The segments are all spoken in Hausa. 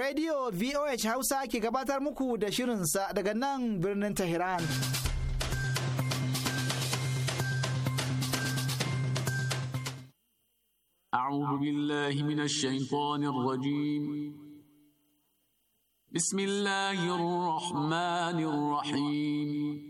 Radio VOH Hausa ke gabatar muku da shirin sa daga nan birnin Tehran. A'udhu mina minash shaitanir rajim. Bismillahirrahmanirrahim. Bismillahirrahmanirrahim.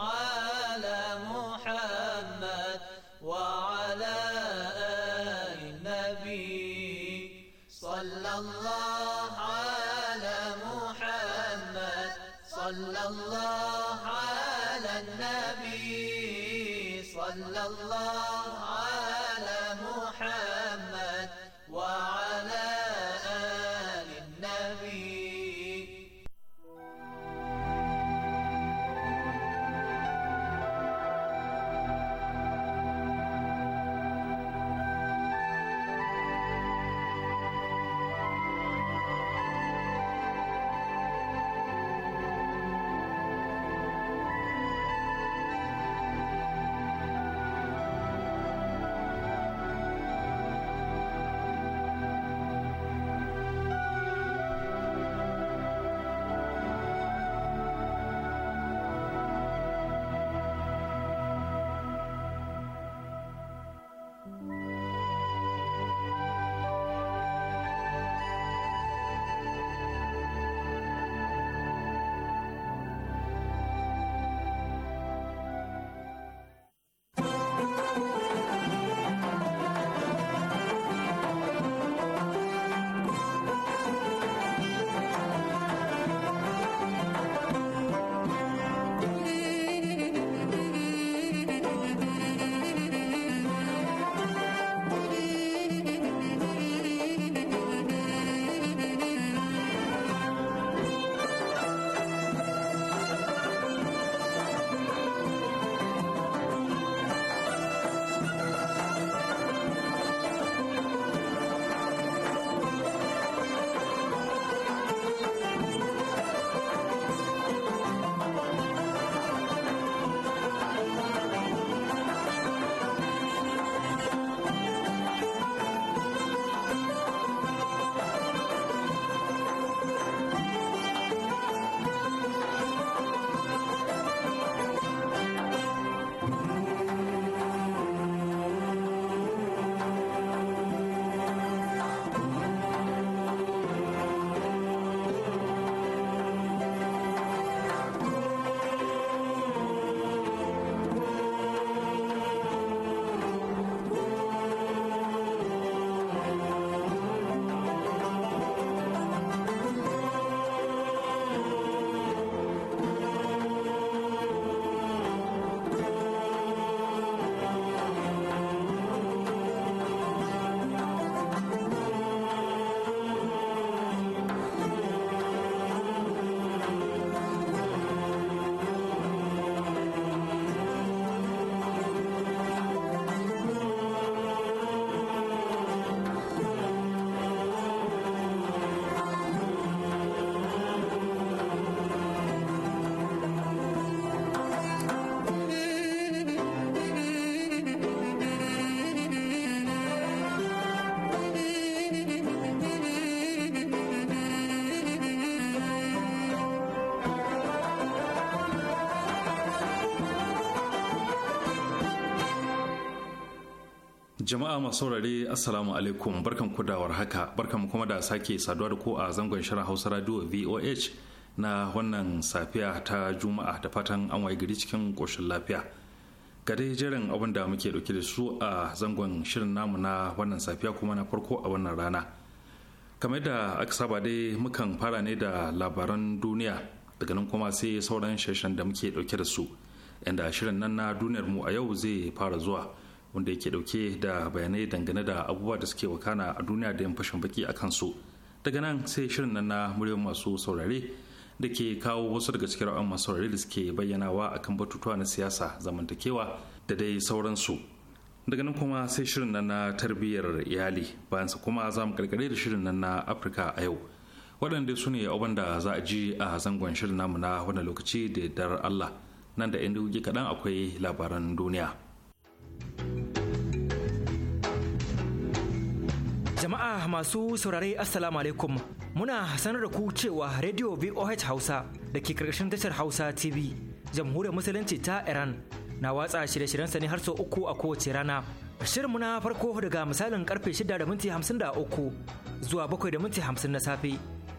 Allah. Jama'a masu saurare Assalamu alaikum barkan ku da warhaka barkan kuma da sake saduwa da ku a zangon shirin Hausa Radio VOH na wannan safiya ta Juma'a da fatan an waye gari cikin koshin lafiya. Ga dai jiran abin da muke dauke da su a zangon shirin namu na wannan safiya kuma na farko a wannan rana. Kamar da aka saba dai mukan fara ne da labaran duniya daga nan kuma sai sauran sheshen da muke dauke da su. Inda shirin nan na duniyar mu a yau zai fara zuwa. wanda yake dauke da bayanai dangane da abubuwa da suke wakana a duniya da yin fashin baki a kansu daga nan sai shirin nan na muryar masu saurare da ke kawo wasu daga cikin ra'ayin masu saurare da suke bayyanawa akan batutuwa na siyasa zamantakewa da dai sauransu daga nan kuma sai shirin nan na tarbiyyar iyali bayansa kuma za mu karkare da shirin nan na afirka a yau waɗanda su ne abin da za a ji a zangon shirin namu na wannan lokaci da dar allah nan da 'yan kaɗan akwai labaran duniya. Jama'a masu saurare Assalamu alaikum muna sanar da ku cewa Radio VOH Hausa da ke karkashin tashar Hausa TV jamhuriyar musulunci ta Iran na watsa shirye sa ne har sau uku a kowace rana. shirin na farko daga misalin karfe shida da minti uku zuwa bakwai da minti na safe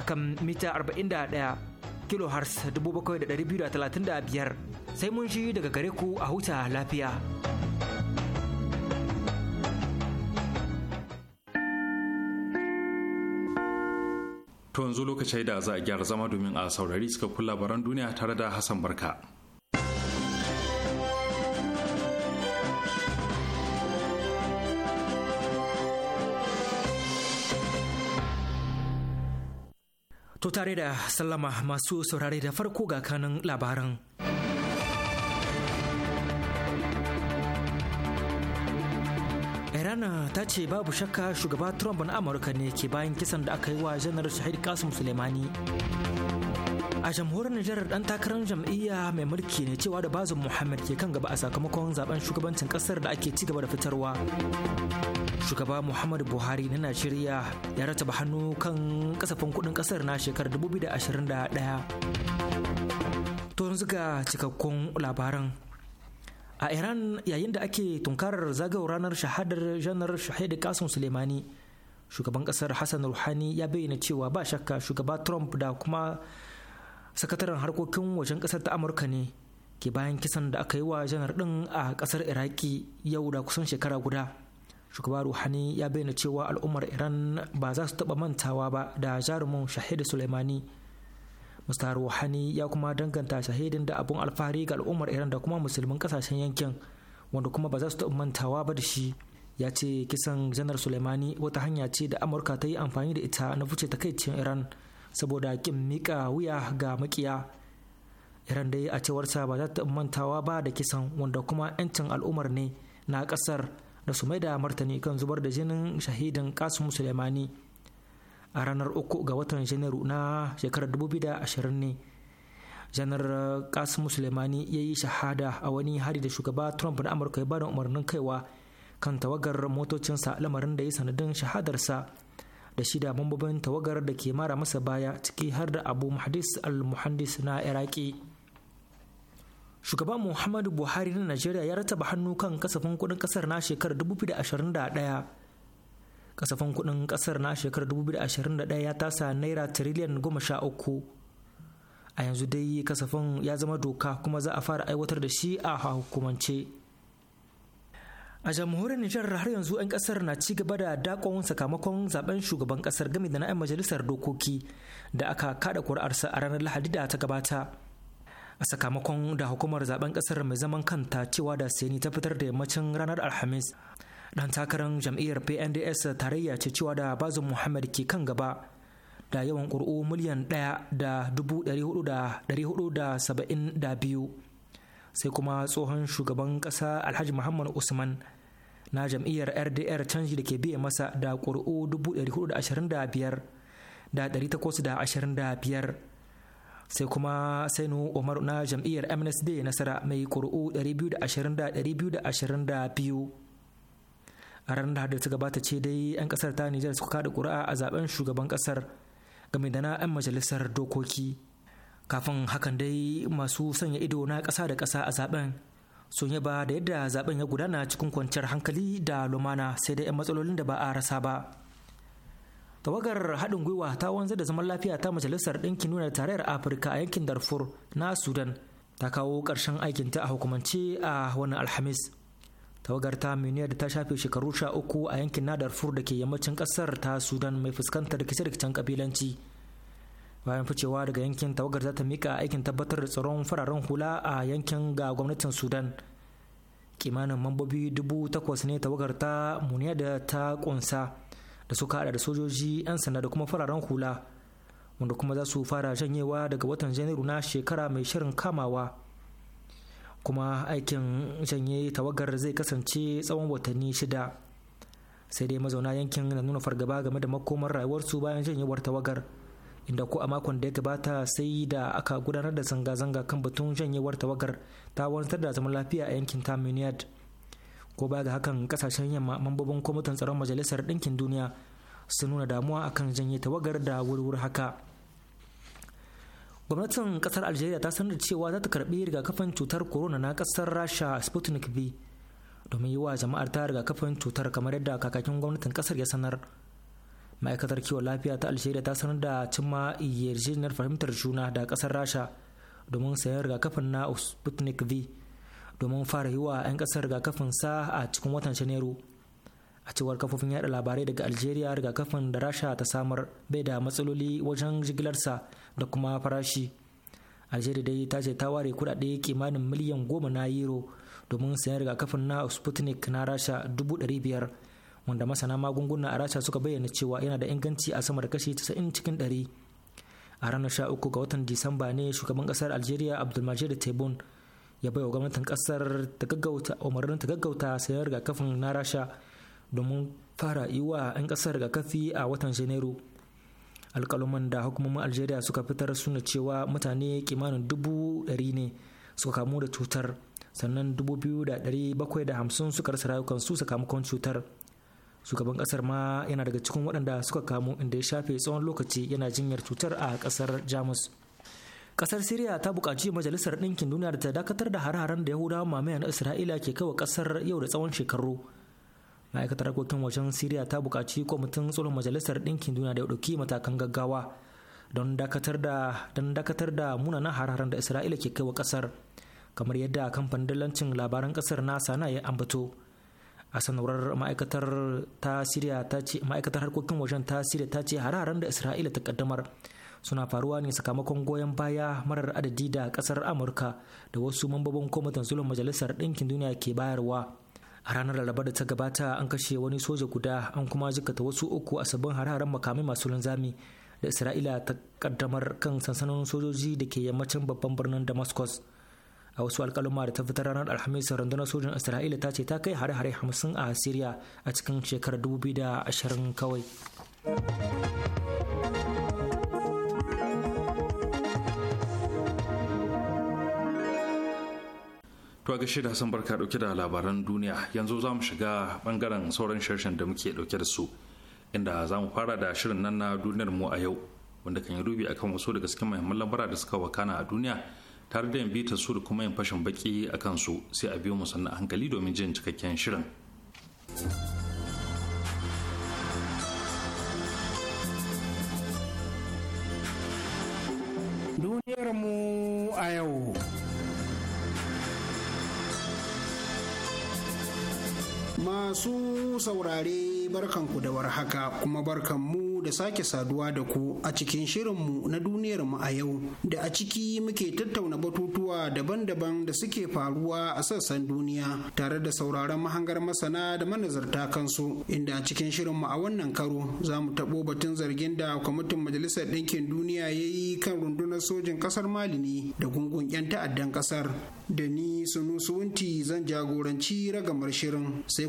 akan mita 41 kilohertz 7,235 sai mun shi daga gare ku a huta lafiya. To yanzu lokacin da za a gyara zama domin a saurari suka kula labaran duniya tare da Hassan Barka. To tare da sallama masu saurare da farko ga kanin labaran. China ta ce babu shakka shugaba Trump na Amurka ne ke bayan kisan da aka yi wa janar Shahid Kasim Suleimani. A jamhuriyar Nijar dan takarar jam'iyya mai mulki ne cewa da bazin Muhammad ke kan gaba a sakamakon zaben shugabancin kasar da ake ci gaba da fitarwa. Shugaba Muhammad Buhari na Najeriya ya rataba hannu kan kasafin kudin kasar na shekarar 2021. To yanzu ga cikakkun labaran a iran yayin da ake tunkarar zagawar ranar shahadar janar shahid kasim sulemani shugaban kasar hassan ruhani ya bayyana cewa ba shakka shugaba trump da kuma sakataren harkokin wajen kasar ta amurka ne ke bayan kisan da aka yi wa janar din a kasar iraki yau da kusan shekara guda shugaba ruhani ya bayyana cewa al'ummar iran ba za su taba mantawa ba da jarumin shahid sulemani. Mr. ruhani ya kuma danganta shahidin da abun alfahari ga al'ummar Iran da kuma musulmin kasashen yankin wanda kuma ba za su mantawa ba da shi ya ce kisan janar Suleimani wata hanya ce da Amurka ta yi amfani da ita na fice takaicin Iran saboda kin mika wuya ga makiya Iran dai a cewarsa ba za ta mantawa ba da kisan wanda kuma 'yancin al'ummar ne na ƙasar da su mai da martani kan zubar da jinin shahidin Qasim Suleimani. a ranar uku ga watan janairu na shekarar 2020 ne janar kasu eh, musulmani ya yi shahada a wani hari da shugaba trump na amurka ya bada umarnin kaiwa kan tawagar motocinsa lamarin da ya sanadin shahadarsa da shida mambobin tawagar da ke mara masa baya ciki har da abu muhadis al-muhandis na iraki shugaba muhammadu buhari na najeriya ya rataba hannu kan kasafin kudin kasar na shekarar 2021 kasafin kudin kasar na shekarar 2021 ya tasa naira tiriliyan goma sha uku a yanzu dai kasafin ya zama doka kuma za a fara aiwatar da shi a hukumance a jamhuriyar nijar har yanzu 'yan kasar na ci gaba da dakon sakamakon zaben shugaban kasar game da na'yan majalisar dokoki da aka kada kuri'arsa a ranar lahadi da ta gabata a sakamakon da hukumar zaben kasar mai zaman kanta cewa da seni ta fitar da yammacin ranar alhamis dan takarar jam'iyyar pnds tarayya ce cewa da bazin muhammad ke kan gaba da yawan ƙuri'u miliyan 1.472 da dubu hudu da saba'in da biyu sai kuma tsohon shugaban ƙasa alhaji muhammad usman na jam'iyyar rdr canji da ke biye masa da ƙuri'u dubu ɗari hudu da ashirin da biyar da takwas da ashirin da biyar sai kuma sainu umaru na jam'iyyar msd nasara mai ƙuri'u 220 biyu da ashirin da biyu da ashirin da biyu a ranar lahadi ta gabata ce dai 'yan kasar ta nijar suka kada kuri'a a zaben shugaban kasar game da na 'yan majalisar dokoki kafin hakan dai masu sanya ido na kasa da kasa a zaben sun yaba da yadda zaben ya gudana cikin kwanciyar hankali da lumana sai dai 'yan matsalolin da ba a rasa ba tawagar haɗin gwiwa ta wanzar da zaman lafiya ta majalisar ɗinkin nuna tarayyar afirka a yankin darfur na sudan ta kawo ƙarshen aikinta a hukumance a wannan alhamis tawagar ta da ta shafe shekaru sha uku a yankin nadar fur da ke yammacin kasar ta sudan mai fuskantar rikice-rikicen kabilanci bayan ficewa daga yankin tawagar za ta mika aikin tabbatar da tsaron fararen hula a yankin ga gwamnatin sudan kimanin mambobi dubu takwas ne tawagar ta muniya da ta kunsa da suka hada da sojoji 'yan sanda da kuma fararen hula wanda kuma za su fara janyewa daga watan janairu na shekara mai shirin kamawa kuma aikin janye tawagar zai kasance tsawon watanni shida sai dai mazauna yankin na nuna fargaba game da makomar rayuwarsu bayan janyewar tawagar inda ko a makon da ya gabata sai da aka gudanar da zanga-zanga kan batun janyewar tawagar ta wantar da zaman lafiya a yankin tamuniyad ko ba ga hakan kasashen yamma mambobin kwamitin tsaron majalisar ɗinkin duniya sun nuna damuwa akan janye tawagar da wurwur haka gwamnatin kasar algeria ta sanar cewa za ta karbi rigakafin cutar corona na kasar rasha sputnik v domin yi wa jama'ar ta rigakafin cutar kamar yadda kakakin gwamnatin kasar ya sanar ma'aikatar kiwon lafiya ta algeria ta sanar da cimma yarjejeniyar fahimtar juna da kasar rasha domin sayan rigakafin na sputnik v domin fara yi wa 'yan kasar rigakafin sa a cikin watan janairu a cewar kafofin yada labarai daga algeria rigakafin da rasha ta samar bai da matsaloli wajen jigilarsa da kuma farashi algeria dai ta ce ta ware kudade kimanin miliyan goma na euro domin sayan rigakafin na sputnik na rasha dubu ɗari biyar wanda masana magunguna a rasha suka bayyana cewa yana da inganci a sama da kashi 90 cikin ɗari a ranar 13 ga watan disamba ne shugaban kasar algeria abdulmajid tebun ya baiwa gwamnatin kasar ta gaggauta umarnin ta gaggauta sayan rigakafin na rasha domin fara yiwa wa 'yan kasar rigakafi a watan janairu alkaluman da hukumomin algeria suka fitar suna cewa mutane kimanin dubu ɗari ne suka kamu da cutar sannan dubu biyu da ɗari bakwai da hamsin suka rasa rayukan su sakamakon cutar shugaban kasar ma yana daga cikin waɗanda suka kamu inda ya shafe tsawon lokaci yana jinyar cutar a kasar jamus kasar syria ta buƙaci majalisar ɗinkin duniya da ta dakatar da hare-haren da yahudawa mamayan isra'ila ke kawo ƙasar yau da tsawon shekaru ma'aikatar harkokin wajen siriya ta buƙaci kwamitin tsoron majalisar ɗinkin duniya da ya ɗauki matakan gaggawa don dakatar da munanan hararen da isra'ila ke kai wa ƙasar kamar yadda kamfanin dalancin labaran ƙasar nasa na ya ambato a sanarwar ma'aikatar ta siriya ta ce ma'aikatar harkokin wajen ta siriya ta ce hararen da isra'ila ta kaddamar suna faruwa ne sakamakon goyon baya marar adadi da kasar amurka da wasu mambobin kwamitin tsoron majalisar ɗinkin duniya ke bayarwa a ranar laraba da ta gabata an kashe wani soja guda an kuma jikata wasu uku a sabbin hare-haren makamai masu linzami da isra'ila ta kaddamar kan sansanin sojoji da ke yammacin babban birnin damascus a wasu alkaluma da ta fitar ranar alhamis rundunar sojan isra'ila ta ce ta kai hare-hare hamsin a syria a cikin shekarar 2020 kawai To a gashi da barka dauke da labaran duniya yanzu za mu shiga bangaren sauran sharshen da muke dauke da su inda za mu fara da shirin nan na duniyar mu a yau wanda kan yi rubi akan wasu daga cikin muhimman lambara da suka wakana a duniya tare da yin bitar su da kuma yin fashin baki a kansu sai a biyo mu sannan hankali domin jin cikakken shirin. Duniyar mu a yau. Masu saurare barkanku da haka kuma barkanmu da sake saduwa da ku a cikin shirinmu na duniyarmu a yau da a ciki muke tattauna batutuwa daban-daban da suke faruwa a sassan duniya tare da sauraron mahangar masana da manazarta kansu inda a cikin shirinmu a wannan karo za mu taɓo batun zargin da kwamitin majalisar ɗinkin duniya ya yi kan rundunar sojin ƙasar mali ne da gungun 'yan ta'addan ƙasar da ni sunusuwunti zan jagoranci ragamar shirin sai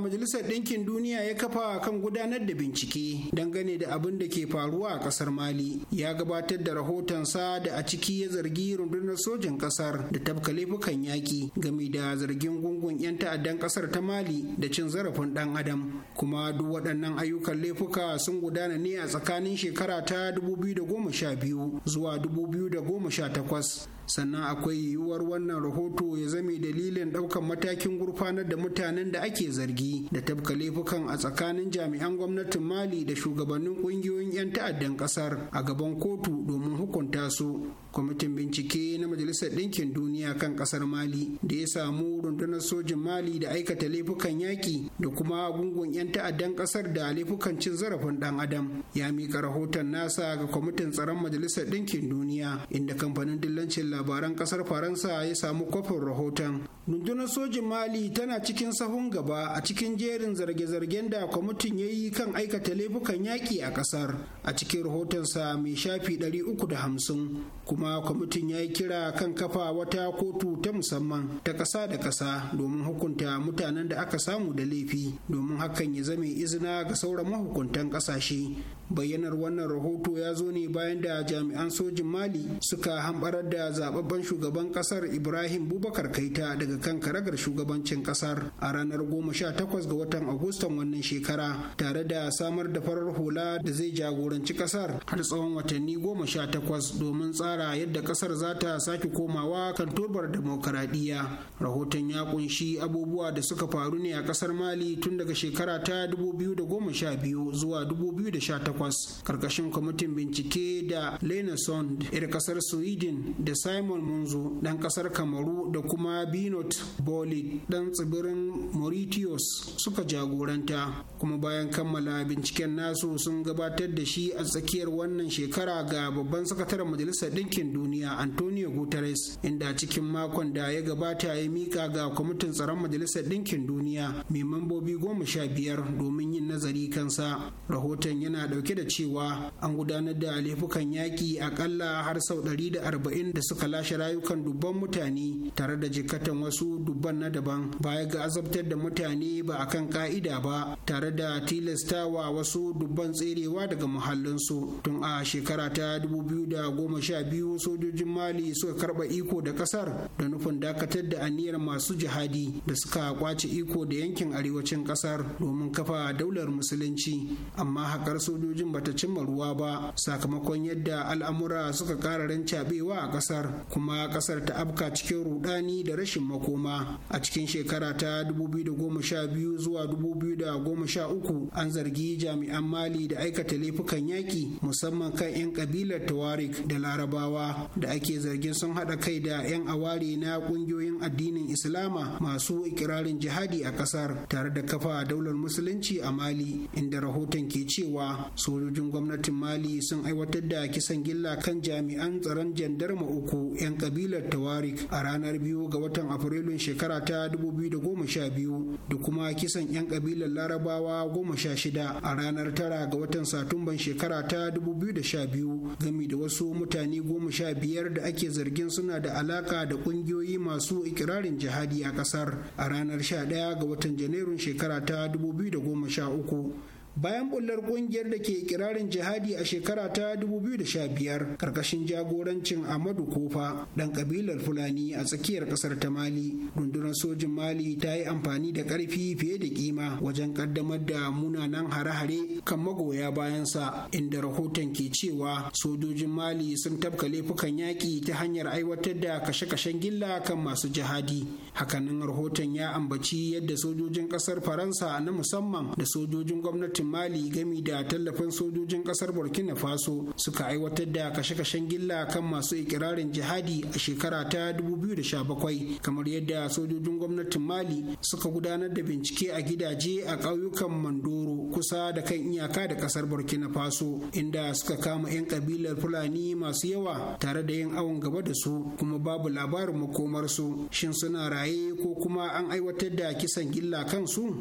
majalisar ɗinkin duniya ya kafa kan gudanar da bincike dangane da abin da ke faruwa a ƙasar mali ya gabatar da rahotonsa da a ciki ya zargi rundunar sojin ƙasar da tafka laifukan yaƙi game da zargin gungun 'yan ta'addan ƙasar ta mali da cin zarafin ɗan adam kuma duk waɗannan ayyukan laifuka sun gudana ne a tsakanin shekara ta 2012 zuwa sha takwas. sannan akwai yiwuwar wannan rahoto ya zame dalilin ɗaukan matakin gurfanar da mutanen da ake zargi da tabka laifukan a tsakanin jami'an gwamnatin mali da shugabannin ƙungiyoyin 'yan ta'addan ƙasar a gaban kotu domin hukunta su kwamitin bincike na majalisar ɗinkin duniya kan ƙasar mali da ya samu rundunar sojin mali da aikata laifukan yaƙi da kuma gungun 'yan ta'addan ƙasar da laifukan cin zarafin ɗan adam ya mika rahoton nasa ga kwamitin tsaron majalisar ɗinkin duniya inda kamfanin dillancin labaran kasar faransa ya samu kwafin rahoton rundunar sojin mali tana cikin sahun gaba a cikin jerin zarge-zargen da kwamitin ya yi kan aikata laifukan yaƙi a ƙasar a cikin rahotonsa mai shafi 350 kuma kwamitin ya yi kira kan kafa wata kotu ta musamman ta ƙasa da ƙasa domin hukunta mutanen da aka samu da laifi domin hakan ya zame izina ga sauran mahukuntan ƙasashe bayyanar wannan rahoto ya zo ne bayan da jami'an sojin mali suka hambarar da zababben shugaban kasar ibrahim bubakar kaita daga kan karagar shugabancin kasar a ranar 18 ga watan agustan wannan shekara tare da samar da farar hula da zai jagoranci kasar har tsawon watanni 18 domin tsara yadda kasar za ta sake komawa kan turbar demokaradiyya rahoton ya kunshi abubuwa da suka faru ne a kasar mali tun daga shekara ta 2012 zuwa 2018 takwas karkashin kwamitin bincike da lena sond yar kasar sweden da simon munzo dan kasar kamaru da kuma binot boli dan tsibirin mauritius suka jagoranta kuma bayan kammala binciken nasu sun gabatar da shi a tsakiyar wannan shekara ga babban sakataren majalisar ɗinkin duniya antonio guterres inda cikin makon da ya gabata ya mika ga kwamitin tsaron majalisar ɗinkin duniya mai mambobi goma sha biyar domin yin nazari kansa rahoton yana ɗauke dauke da cewa an gudanar da laifukan yaƙi akalla har sau ɗari da arba'in da suka lashe rayukan dubban mutane tare da jikatan wasu dubban na daban baya ga azabtar da mutane ba a kan ƙa'ida ba tare da tilastawa wasu dubban tserewa daga muhallinsu tun a shekara ta goma 2012 sojojin mali suka karɓa iko da ƙasar da nufin dakatar da aniyar masu jihadi da suka kwace iko da yankin arewacin ƙasar domin kafa daular musulunci amma haƙar sojoji sojojin bata cimma ruwa ba sakamakon yadda al'amura suka kara rancabewa a kasar. kuma ƙasar ta afka cikin rudani da rashin makoma a cikin shekara ta 2012 zuwa 2013 an zargi jami'an mali da aikata laifukan yaƙi musamman kan 'yan ƙabilar tawarik da larabawa da ake zargin sun haɗa kai da 'yan aware na ƙungiyoyin addinin islama masu ikirarin jihadi a ƙasar tare da kafa daular musulunci a mali inda rahoton ke cewa sojojin gwamnatin mali sun aiwatar da kisan gilla kan jami'an tsaron jandarma uku 'yan kabilar tawarik a ranar biyu ga watan afrilun shekara ta 2012 da kuma kisan 'yan kabilar larabawa goma sha shida a ranar tara ga watan satumban shekara ta 2012 gami da wasu mutane 15 da ake zargin suna da alaka da kungiyoyi masu ikirarin jihadi a kasar a ranar 11 ga watan janairun shekara ta 2013 bayan bullar kungiyar da ke kirarin jihadi a shekara ta 2015 karkashin jagorancin amadu kofa dan kabilar fulani a tsakiyar kasar ta mali rundunar sojin mali ta yi amfani da karfi fiye da kima wajen kaddamar da munanan hare-hare kan magoya bayansa inda rahoton ke cewa sojojin mali sun tabka laifukan yaƙi ta hanyar aiwatar da kashe-kashen gilla kan masu jihadi hakanan rahoton ya ambaci yadda sojojin kasar faransa na musamman da sojojin gwamnatin mali gami da tallafin sojojin kasar burkina faso suka aiwatar da kashe-kashen gilla kan masu ikirarin jihadi a shekara ta 2017 kamar yadda sojojin gwamnatin mali suka gudanar da bincike a gidaje a ƙauyukan mandoro kusa da kan iyaka da kasar burkina faso inda suka kama 'yan kabilar fulani masu yawa tare da yin awon gaba da su kuma babu labarin makomarsu shin suna raye ko kuma an aiwatar da kisan gilla kansu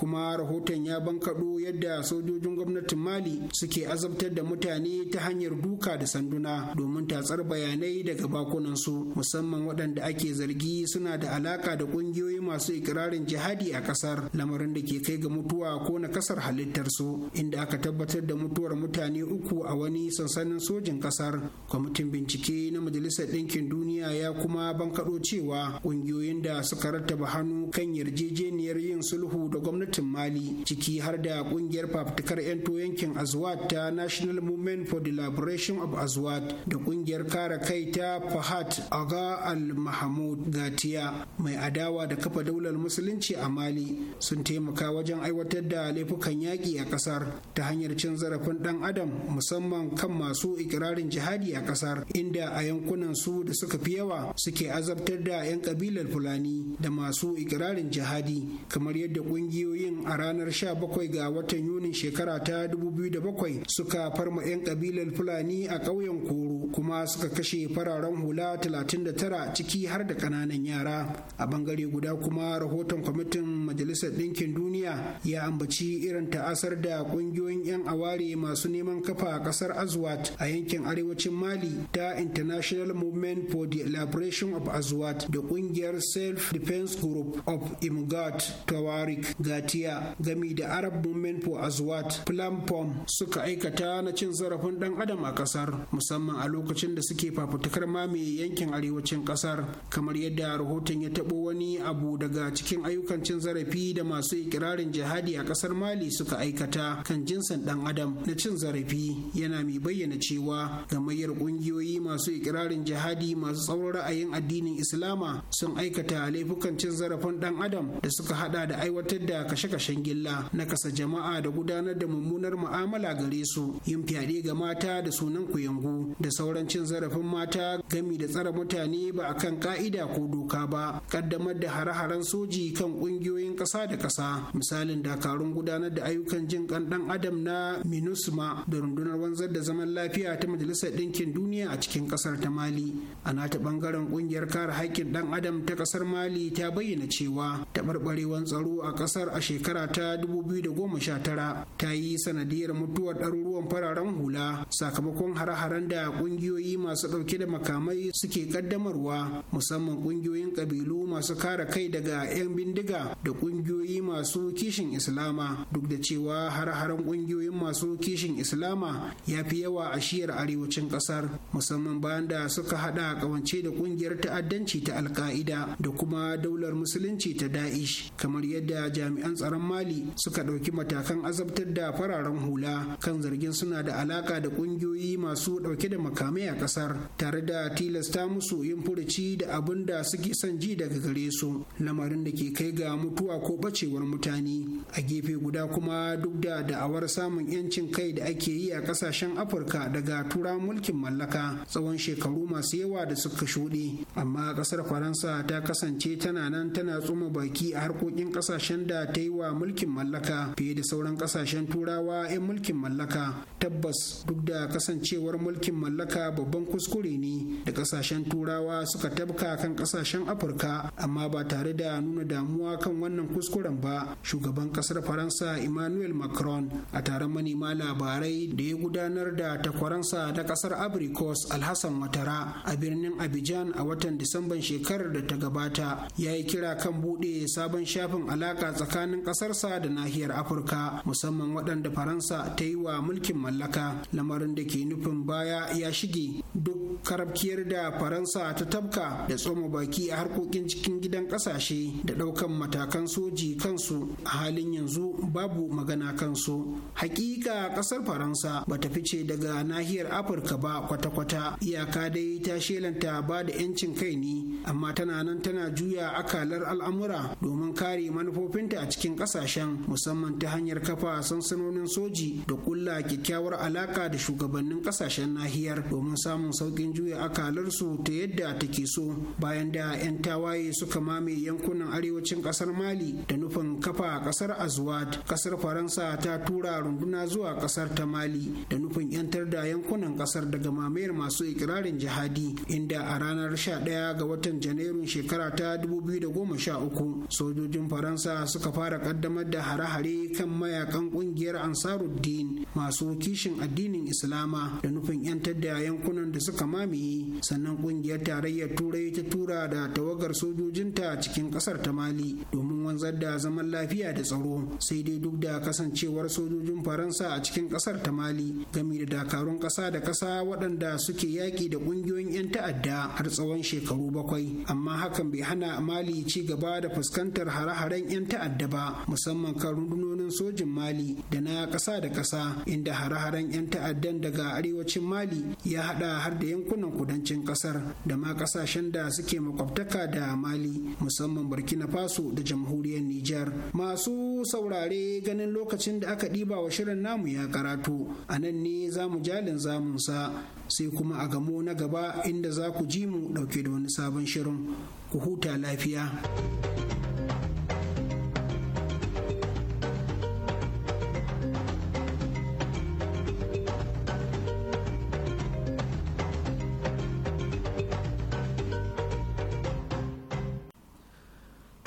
kuma rahoton ya bankaɗo yadda sojojin gwamnatin mali suke azabtar da mutane ta hanyar duka da sanduna domin tatsar bayanai daga bakunansu musamman waɗanda ake zargi suna da alaka da ƙungiyoyi masu ikirarin jihadi a ƙasar lamarin da ke kai ga mutuwa ko na kasar halittarsu inda aka tabbatar da mutuwar mutane uku a wani sansanin sojin ƙasar kwamitin bincike na majalisar ɗinkin duniya ya kuma bankaɗo cewa ƙungiyoyin da suka rattaba hannu kan yarjejeniyar yin sulhu da gwamnati gwamnatin mali ciki har da kungiyar fafutukar 'yan yankin azwat ta national movement for the liberation of azwat da kungiyar kare kai ta fahad aga al mahamud gatiya mai adawa da kafa daular musulunci a mali sun taimaka wajen aiwatar da laifukan yaƙi a ƙasar ta hanyar cin zarafin ɗan adam musamman kan masu ikirarin jihadi a ƙasar inda a yankunan su da suka fi yawa suke azabtar da 'yan ƙabilar fulani da masu ikirarin jihadi kamar yadda ƙungiyoyi yin a ranar 17 ga watan Yunin shekara ta 2007 suka farma 'yan ƙabilar Fulani a ƙauyen Koro kuma suka kashe fararen hula 39 ciki har da ƙananan yara. A bangare guda kuma rahoton kwamitin Majalisar Ɗinkin Duniya ya ambaci irin ta'asar da ƙungiyoyin 'yan aware masu neman kafa a ƙasar Azuwat a yankin arewacin Mali ta International Movement for the Liberation of Azuwat da ƙungiyar Self Defense Group of Imgat Tawarik Gati Fatiya gami da Arab Women for Azwat Platform suka aikata na cin zarafin ɗan adam a ƙasar musamman a lokacin da suke fafutukar mamaye yankin arewacin ƙasar kamar yadda rahoton ya taɓo wani abu daga cikin ayyukan cin zarafi da masu ikirarin jihadi a ƙasar Mali suka aikata kan jinsin ɗan adam na cin zarafi yana mai bayyana cewa gamayyar ƙungiyoyi masu ikirarin jihadi masu tsawon ra'ayin addinin Islama sun aikata laifukan cin zarafin ɗan adam da suka hada da aiwatar da kashe-kashen gilla na kasa jama'a da gudanar da mummunar mu'amala gare su yin fyaɗe ga mata da sunan kuyangu da sauran cin zarafin mata gami da tsare mutane ba a kan ka'ida ko doka ba kaddamar da hare-haren soji kan ƙungiyoyin ƙasa da ƙasa misalin dakarun gudanar da ayyukan jin kan ɗan adam na minusma da rundunar wanzar da zaman lafiya ta majalisar ɗinkin duniya a cikin ƙasar ta mali a nata ɓangaren ƙungiyar kare haƙƙin ɗan adam ta ƙasar mali ta bayyana cewa taɓarɓarewan tsaro a ƙasar a shekara ta 2019 ta yi sanadiyar mutuwar ɗaruruwan fararen hula sakamakon hare-haren da ƙungiyoyi masu ɗauke da makamai suke ƙaddamarwa musamman ƙungiyoyin ƙabilu masu kare kai daga 'yan bindiga da ƙungiyoyi masu kishin islama duk da cewa hare-haren ƙungiyoyin masu kishin islama ya fi yawa a shiyar arewacin ƙasar musamman bayan da suka haɗa ƙawance da ƙungiyar ta'addanci ta alka'ida da kuma daular musulunci ta da'ish kamar yadda jami'an jami'an tsaron mali suka ɗauki matakan azabtar da fararen hula kan zargin suna da alaka da ƙungiyoyi masu ɗauke da makamai a ƙasar tare da tilasta musu yin furuci da abin da suke son ji daga gare su lamarin da ke kai ga mutuwa ko ɓacewar mutane a gefe guda kuma duk da da'awar samun 'yancin kai da ake yi a ƙasashen afirka daga tura mulkin mallaka tsawon shekaru masu yawa da suka shuɗe amma ƙasar faransa ta kasance tana nan tana tsuma baki a harkokin ƙasashen da ta ta yi wa mulkin mallaka fiye da sauran kasashen turawa 'yan mulkin mallaka tabbas duk da kasancewar mulkin mallaka babban kuskure ne da kasashen turawa suka tabka kan kasashen afirka amma ba tare da nuna damuwa kan wannan kuskuren ba shugaban kasar faransa emmanuel macron a taron manema labarai da ya gudanar da takwaransa na kasar abricos alhassan watara a birnin abijan a watan disamban shekarar da ta gabata ya yi kira kan buɗe sabon shafin alaka tsakanin tsakanin ƙasarsa da nahiyar afirka musamman waɗanda faransa ta yi wa mulkin mallaka lamarin da ke nufin baya ya shige duk karabkiyar da faransa ta tabka da tsoma baki a harkokin cikin gidan ƙasashe da ɗaukan matakan soji kansu a halin yanzu babu magana kansu hakika ƙasar faransa ba ta fice daga nahiyar afirka ba kwata-kwata iyaka dai ta shelanta ba da 'yancin kai ne amma tana nan tana juya akalar al'amura domin kare manufofinta a cikin cikin ƙasashen musamman ta hanyar kafa sansanonin soji da kulla kyakkyawar alaka da shugabannin ƙasashen nahiyar domin samun sauƙin juya akalarsu ta yadda take so bayan da 'yan tawaye suka mame yankunan arewacin ƙasar mali da nufin kafa ƙasar azuwad kasa'r faransa ta tura runduna zuwa ƙasar ta mali da nufin 'yantar da yankunan ƙasar daga mamayar masu ikirarin jihadi inda a ranar sha 11 ga watan janairun shekara ta 2013 sojojin faransa suka fara fara kaddamar da hare-hare kan mayakan kungiyar ansaruddin masu kishin addinin islama da nufin 'yantar da yankunan da suka mamaye sannan kungiyar tarayyar turai ta tura da tawagar sojojinta cikin kasar ta mali domin wanzar da zaman lafiya da tsaro sai dai duk da kasancewar sojojin faransa a cikin kasar ta mali game da dakarun kasa da kasa waɗanda suke yaƙi da ƙungiyoyin 'yan ta'adda har tsawon shekaru bakwai amma hakan bai hana mali ci gaba da fuskantar hare-haren 'yan ta'adda ba ba musamman kan rundunonin sojin mali da na kasa da kasa inda hare-haren 'yan ta'addan daga arewacin mali ya hada har da yankunan kudancin kasar da ma kasashen da suke makwabtaka da mali musamman burkina faso da jamhuriyar nijar masu saurare ganin lokacin da aka ɗiba wa shirin namu ya karatu a nan ne za mu jalin zamunsa sai kuma a gamo na gaba inda za ku ji mu ɗauke da wani sabon shirin ku huta lafiya.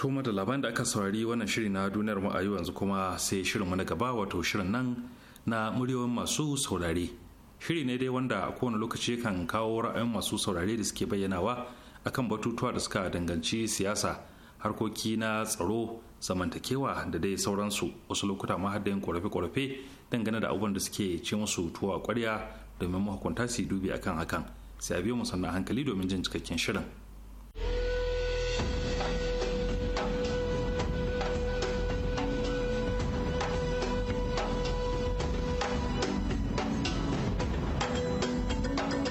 tuma da labarin da aka saurari wannan shiri na duniyar mu a yau yanzu kuma sai shirin mu na gaba wato shirin nan na muryoyin masu saurare shiri ne dai wanda a kowane lokaci kan kawo ra'ayin masu saurare da suke bayyanawa akan batutuwa da suka danganci siyasa harkoki na tsaro zamantakewa da dai sauransu wasu lokuta ma har da yin korafe-korafe dangane da abubuwan da suke ci musu tuwa kwarya domin mahukunta su dubi akan hakan sai a biyo mu sannan hankali domin jin cikakken shirin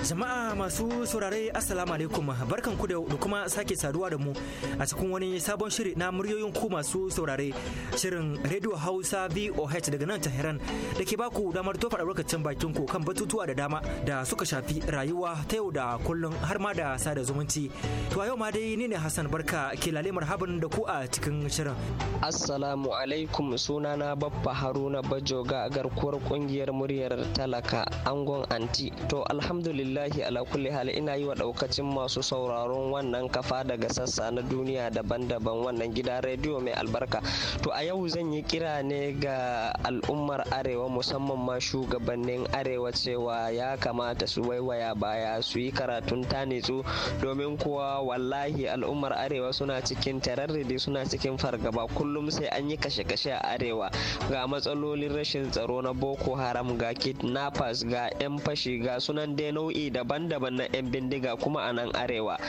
Jama'a masu saurare assalamu alaikum barkan ku da kuma sake saduwa da mu a cikin wani sabon shiri na muryoyin ku masu saurare shirin Radio Hausa VOH daga nan Tehran da ke baku damar tofa lokacin bakin ku kan batutuwa da dama da suka shafi rayuwa ta yau da kullum har ma da sada zumunci. To yau ma dai ni ne Hassan Barka ke lale marhaban da ku a cikin shirin. Assalamu alaikum sunana Baffa Haruna Bajoga garkuwar kungiyar muryar talaka angon anti to alhamdulillahi ala kulli hal ina yi wa daukacin masu sauraron wannan kafa daga sassa na duniya daban-daban wannan gida rediyo mai albarka to a yau zan yi kira ne ga al'ummar arewa musamman ma shugabannin arewa cewa ya kamata su waiwaya baya su yi karatun tanitsu domin kuwa wallahi al'ummar arewa suna cikin tararridi suna cikin fargaba kullum sai an yi kashe-kashe a arewa ga matsalolin rashin tsaro na boko haram ga kidnappers ga 'yan fashi ga sunan dai nau'i daban daban-daban na 'yan bindiga kuma a nan arewa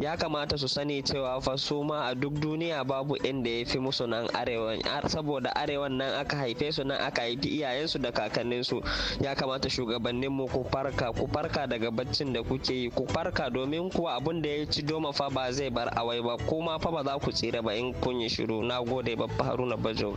ya kamata su sani cewa fa su ma a duk duniya babu inda ya fi musu nan arewa saboda arewan nan aka haife su nan aka haifi iyayensu da kakanninsu ya kamata shugabannin mu ku farka ku farka daga baccin da kuke yi ku farka domin kuwa abun da ya ci doma fa ba zai bar awai ba kuma fa ba za ku tsira ba in kun yi shiru na gode babba haruna bajo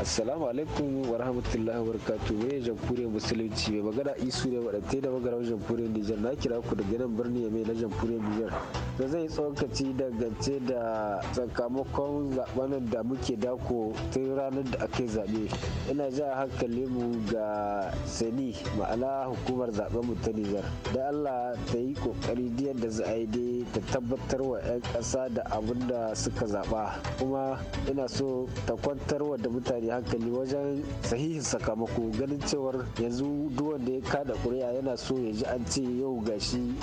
assalamu alaikum wa rahmatullahi wa barakatuh musulunci mai magana isu ne wadatai da magarar jamhuriyar nijar na kira ku daga nan birni mai na jamhuriyar nijar da zai tsokaci dangance da sakamakon zaben da muke dako tun ranar da aka yi zaɓe ina ja hankali mu ga sani ma'ana hukumar zaben mu ta nijar da allah ta yi kokari da da za a yi dai ta tabbatar wa 'yan ƙasa da abin da suka zaɓa kuma ina so ta kwantar wa da mutane tsari hankali wajen sahihin sakamako ganin cewar yanzu duwan da ya kada kuri'a yana so ya ji an ce yau gashi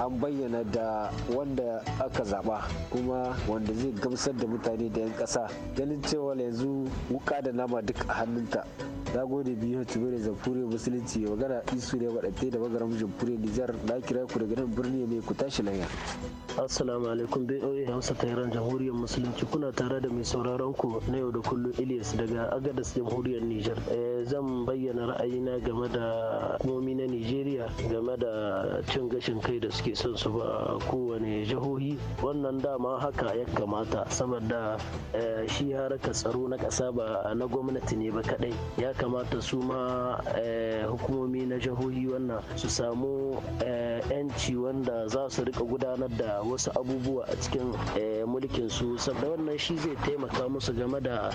an bayyana da wanda aka zaba kuma wanda zai gamsar da mutane da 'yan ƙasa ganin cewar yanzu wuka da nama duk a hannunta na gode biyu bai da zafuriyar musulunci magana isu ne waɗantai da magaram fure nijar na kira ku daga nan birni mai ku tashi laya assalamu alaikum boa hausa ta iran jamhuriyar musulunci kuna tare da mai sauraron ku na yau da kullum ilias daga agadas jamhuriyar nijar eh, zan bayyana ra'ayi na game da hukumomi na nigeria game da cin gashin kai da suke son su ba kowane jihohi wannan dama haka ya kamata saboda eh, shi haraka tsaro na ƙasa ba na gwamnati ne ba kaɗai ya kamata su ma eh, hukumomi na jihohi wannan su samu eh, 'yanci wanda za su rika gudanar da wasu abubuwa a cikin eh, mulkin su saboda wannan shi zai taimaka musu game da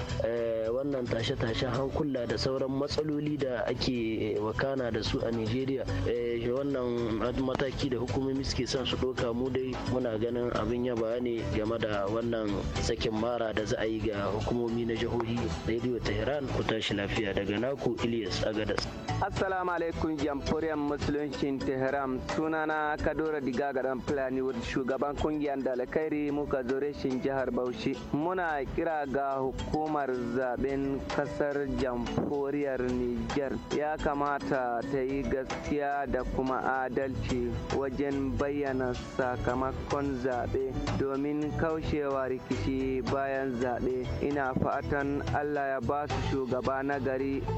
wannan tashe tashe hankula da sauran matsaloli da ake wakana da su a nigeria wannan mataki da hukumomi suke son su doka mu dai muna ganin abin yaba ne game da wannan sakin mara da za a yi ga hukumomi na jihohi ta tehran ku tashi lafiya daga daga naku Ilyas Agadas. Assalamu alaikum jamhuriyar musuluncin Tehran sunana Kadura Diga gadan Fulani shugaban kungiyar dalakairi muka zore shin jihar Bauchi. Muna kira ga hukumar zaben kasar jamfuriyar Niger ya kamata ta yi gaskiya da kuma adalci wajen bayyana sakamakon zaɓe domin kaushewa rikici bayan zaɓe ina fatan Allah ya ba su shugaba na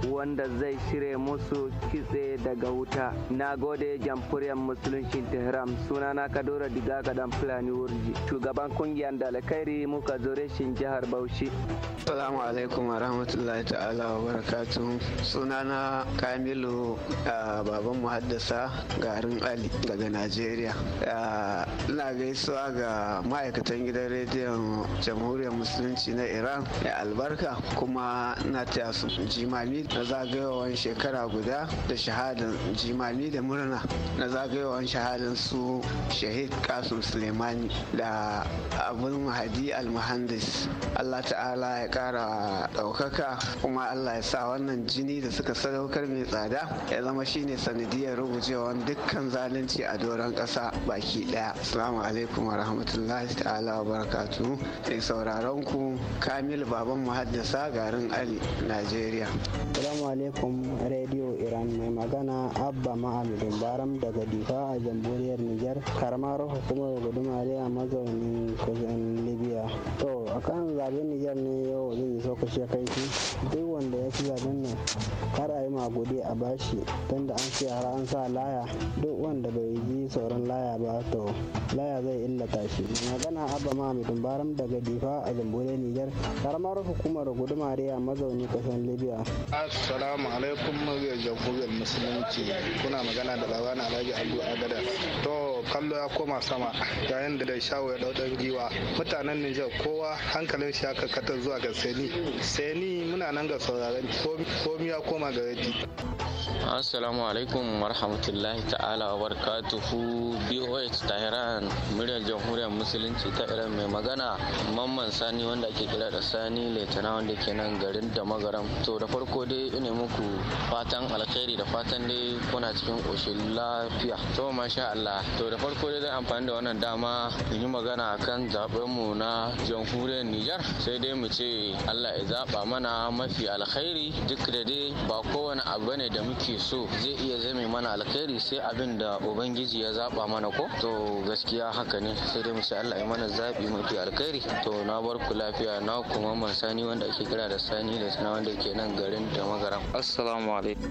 wanda zai shirya musu kitse daga wuta na gode jamhuriyar musuluncin tehran na kadora diga gadan fulani wurji shugaban kungiyar dalakairi muka zore shin jihar bauchi salamu alaikum wa rahmatullahi ta'ala wa barakatuhu sunana kamilu baban muhaddasa garin ali daga najeriya ina gaisuwa ga ma'aikatan gidan rediyon jamhuriyar musulunci na iran Ya albarka kuma na taya su jimani jimami na zagayowar shekara guda da shahadin jimami da murna na zagayowar shahadar su shahid Kasu suleimani da abul mahadi almuhandis allah ta'ala ya kara daukaka kuma allah ya sa wannan jini da suka sadaukar mai tsada ya zama shine sanadiyar rubucewar dukkan zalunci a doron kasa baki daya assalamu alaikum wa rahmatullahi ta'ala wa barakatu. sai sauraron ku kamil baban muhaddasa garin ali najeriya Assalamu alaikum Radio Iran mai magana Abba Ma'al Dumbaram daga Difa a jamhuriyar Nijar karamar hukumar gudumare a mazaunin kusan Libya. To a kan zaben Nijar ne yau zai yi sokaci kai duk wanda ya ci zaben nan kar a yi magudi a bashi tunda an ce har an sa laya duk wanda bai ji sauran laya ba to laya zai illata shi. Magana Abba Ma'al Dumbaram daga Difa a jamhuriyar Nijar karamar hukumar gudumare a mazaunin kusan Libya. Assalamu alaikum muryar jamhuriyar musulunci kuna magana da labaran alhaji Abdul Agada. To kallo ya koma sama yayin da da shawo ya giwa mutanen Nijar kowa hankalin shi ya karkata zuwa ga Seni Seni muna nan ga sauraron komi ya koma ga Redi Assalamu alaikum warahmatullahi ta'ala wa barakatuhu BOH Tehran muryar jamhuriyar musulunci ta Iran mai magana Mamman Sani wanda ake kira da Sani Letana wanda ke nan garin da magaram to da farko dai ina muku fatan alkhairi da fatan dai kuna cikin ƙoshin lafiya to masha Allah to da farko dai zai amfani da wannan dama in yi magana akan zaɓenmu na jamhuriyar Nijar sai dai mu ce Allah ya zaɓa mana mafi alkhairi duk da dai ba kowane abu bane da muke so zai iya zame mana alkhairi sai abin da Ubangiji ya zaɓa mana ko to gaskiya haka ne sai dai mu ce Allah ya mana zaɓi mafi alkhairi to na bar ku lafiya na kuma man sani wanda ake kira da sani da sana wanda ke nan garin da magaram assalamu alaikum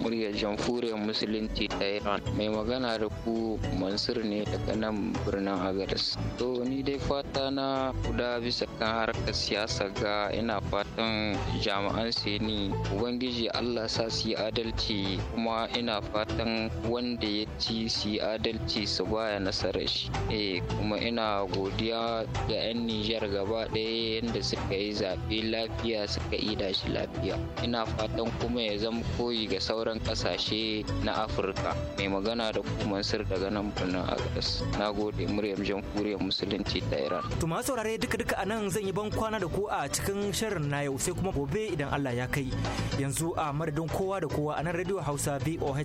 muryar jamhuriyar musulunci ta Iran mai magana da ku man Nasiru ne daga nan birnin agaris to ni dai fata na guda bisa kan harkar siyasa ga ina fatan jami'an ni ubangiji allah sa su yi adalci kuma ina fatan wanda ya ci su yi adalci su baya nasarar shi e kuma ina godiya ga 'yan nijar gaba ɗaya yadda suka yi zaɓe lafiya suka ida shi lafiya ina fatan kuma ya zama koyi ga sauran ƙasashe na afirka mai magana da kuma sir daga nan birnin agadas na gode muryar jamhuriyar musulunci da iran to ma saurare duka duka a nan zan yi ban kwana da ku a cikin shirin na yau sai kuma gobe idan allah ya kai yanzu a madadin kowa da kowa a nan radio hausa voh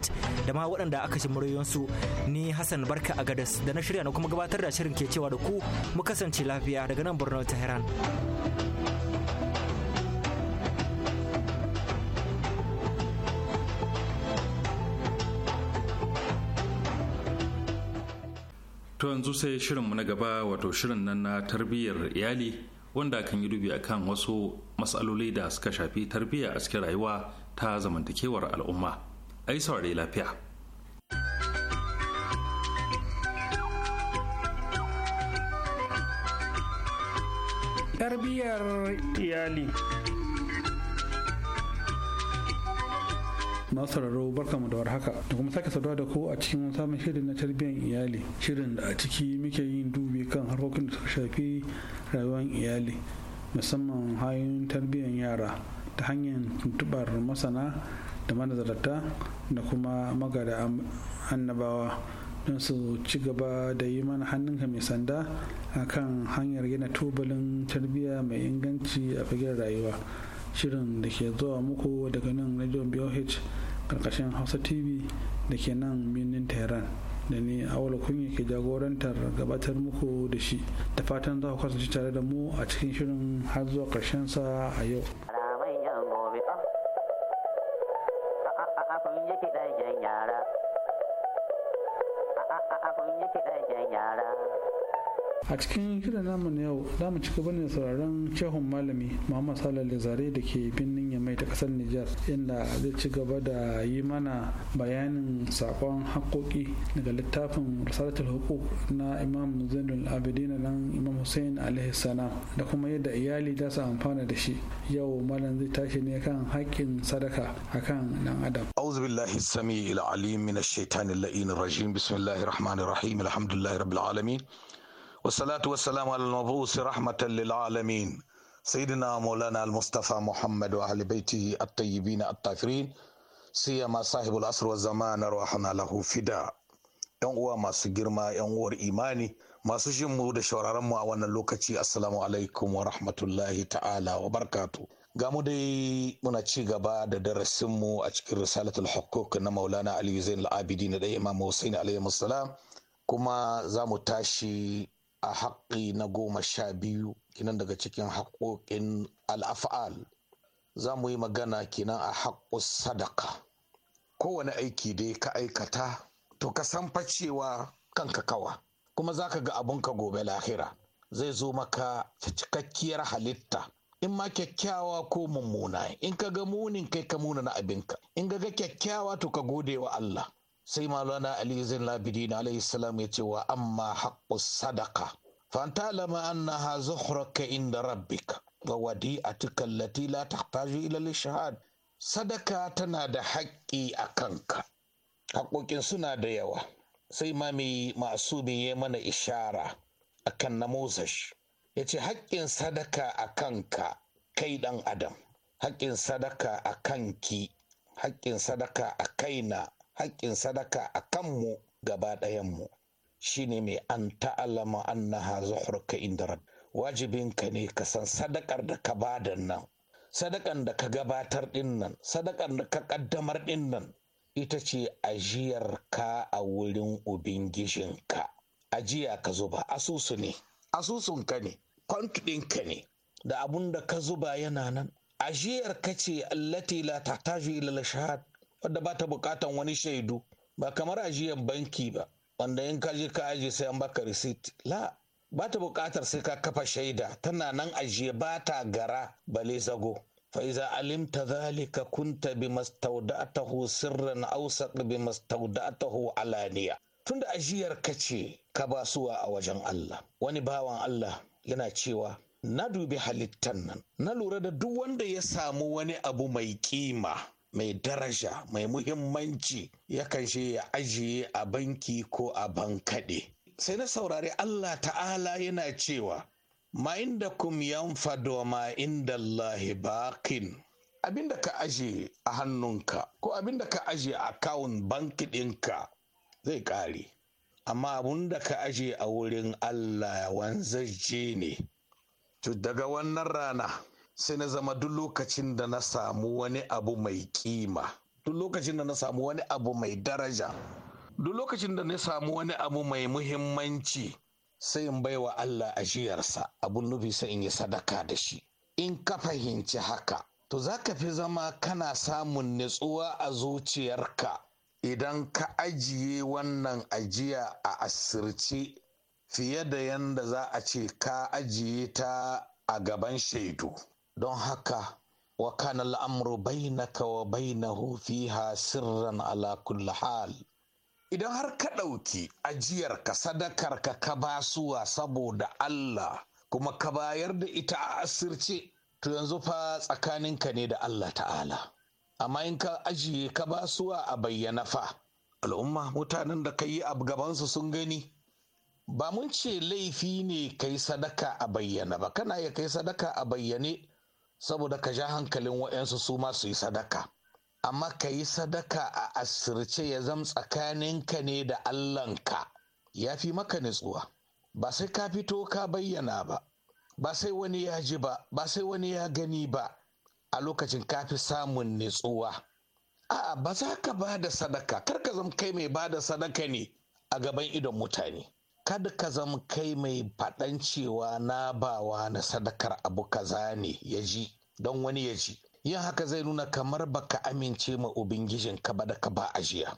da ma waɗanda aka shi muryoyinsu ni hassan barka a gadas da na shirya na kuma gabatar da shirin ke cewa da ku mu kasance lafiya daga nan birnin tehran to yanzu sai shirinmu na gaba wato shirin nan na tarbiyyar iyali wanda kan yi dubi akan wasu matsaloli da suka shafi tarbiyya a cikin rayuwa ta zamantakewar al'umma ai saurari lafiya tarbiyyar iyali masu barka mu da warhaka da kuma sake saduwa da ku a cikin wani samun shirin na tarbiyyar iyali shirin da a ciki muke yin dubi kan harkokin da suka shafi rayuwar iyali musamman hanyoyin tarbiyyar yara ta hanyar tuntubar masana da manazarta da kuma magada annabawa don su ci gaba da yi mana hannunka mai sanda a kan hanyar gina tubalin tarbiyya mai inganci a fagen rayuwa shirin da ke zuwa muku daga nan radio BOH karkashin Hausa TV da ke nan birnin Tehran da ni awal kunya ke jagorantar gabatar muku da shi da fatan za ku kasance tare da mu a cikin shirin har zuwa karshen sa a yau. Ah, ah, ah, yara a cikin shirin namu na yau za mu ci gaba ne sauraron cehun malami muhammad salal da zare da ke birnin yamai ta kasar niger inda zai ci gaba da yi mana bayanin sakon haƙoƙi daga littafin risalatul hukuk na imam zainul abidin nan imam hussein alaihi salam da kuma yadda iyali za su amfana da shi yau malam zai tashi ne kan haƙƙin sadaka akan dan adam auzu billahi sami'il alim min ash rajim bismillahir rahmanir rahim alhamdulillahi rabbil alamin والصلاة والسلام على المبعوث رحمة للعالمين سيدنا مولانا المصطفى محمد وأهل بيته الطيبين الطاهرين سيما صاحب العصر والزمان روحنا له فداء yan uwa masu girma yan uwar imani masu jin mu da shawararren a wannan lokaci assalamu alaikum wa rahmatullahi ta'ala wa barkatu ga dai muna ci gaba da darasinmu a cikin risalatul hukuk na maulana ali zain al-abidi na ɗaya imam husaini alaihi kuma za mu tashi a haƙƙi na goma sha biyu kinan daga cikin haƙoƙin al'af'al za mu yi magana kinan a haƙƙo sadaka kowane aiki da ka aikata to ka san facewa kanka kawa kuma za ka ga abunka gobe lahira zai zo maka cikakkiyar halitta in ma kyakkyawa ko mummuna in ka ga munin kai ka muna na abinka in ga kyakkyawa to ka gode wa Allah sai malana ali zin labidin alayhi salam ya ce wa amma haqqu sadaka fantalama annaha zukhraka inda rabbik wa wadi'atuka allati la tahtaju ila lishahad sadaka tana da haƙƙi a kanka haƙoƙin suna da yawa sai ma mai masu ya mana ishara akan na Moses ya ce haƙƙin sadaka a kanka kai ɗan adam haƙƙin sadaka a kanki haƙƙin sadaka a kaina haƙƙin sadaka a kanmu gaba ɗayanmu shine mai an ta'alama annaha zuhurka inda wajibinka ne ka san sadakar da ka ba da nan sadakar da ka gabatar ɗin nan sadakar da ka ƙaddamar ɗin nan ita ce ajiyar ka a wurin ubangijinka ajiya ka zuba asusu ne Asusun ka ne ɗinka ne da abun da ka zuba yana nan ajiyar ka ce allati la tahtaju ila shahad wadda ba ta bukatan wani shaidu ba kamar ajiyar banki ba wanda in ka je ka aje sai an baka receipt la ba ta bukatar sai ka kafa shaida tana nan ajiye ba ta gara bale zago فإذا علمت ذلك كنت بما استودعته سرا أوثق بما استودعته Alaniya? tunda ajiyar ka ce ka basuwa a wajen Allah wani bawan Allah yana cewa na dubi halittan nan na lura da duk wanda ya samu wani abu mai kima mai daraja mai muhimmanci yakan shi ya ajiye a banki ko a bankaɗe sai na saurari allah ta'ala yana cewa ma inda kum yanfado ma inda Allah bakin abinda ka aje a hannunka ko abinda ka aje a akawun banki ɗinka zai ƙare amma abinda ka aje a wurin allah wanzaje ne to daga wannan rana sai na zama duk lokacin da na samu wani abu mai kima duk lokacin da na samu wani abu mai daraja duk lokacin da na samu wani abu mai muhimmanci sai in baiwa Allah ajiyarsa abun nufi sai in yi sadaka da shi in ka fahimci haka to za ka fi zama kana samun nutsuwa a zuciyarka idan ka ajiye wannan ajiya a asirce fiye da yanda za a ce ka ajiye ta a gaban shaidu. don haka wa kana al'amru bainaka wa bainahu fiha sirran ala kulli hal idan har ka ɗauki ajiyarka sadakarka ka basuwa saboda Allah kuma ka bayar da ita a asirce to yanzu fa tsakaninka ne da Allah ta'ala amma in ka ajiye ka basuwa a bayyana fa al'umma mutanen da ka yi a gabansu sun gani ba mun ce laifi ne kai sadaka a bayyana ba kana ya kai sadaka a bayyane saboda ka ja hankalin waɗansu su ma su yi sadaka amma ka yi sadaka a asirce ya zam tsakaninka ne da ka, ya fi maka nutsuwa ba sai ka fito ka bayyana ba ba sai wani ya ji ba ba sai wani ya gani ba a lokacin ka fi samun nutsuwa a'a ba za ka ba da sadaka kar ka zam kai mai ba da sadaka ne a gaban idon mutane kada ka zama kai mai faɗan cewa na bawa na sadakar abu kaza ne ya ji don wani ya ji yin haka zai nuna kamar baka amince ma ubangijinka ba da ka ba ajiya.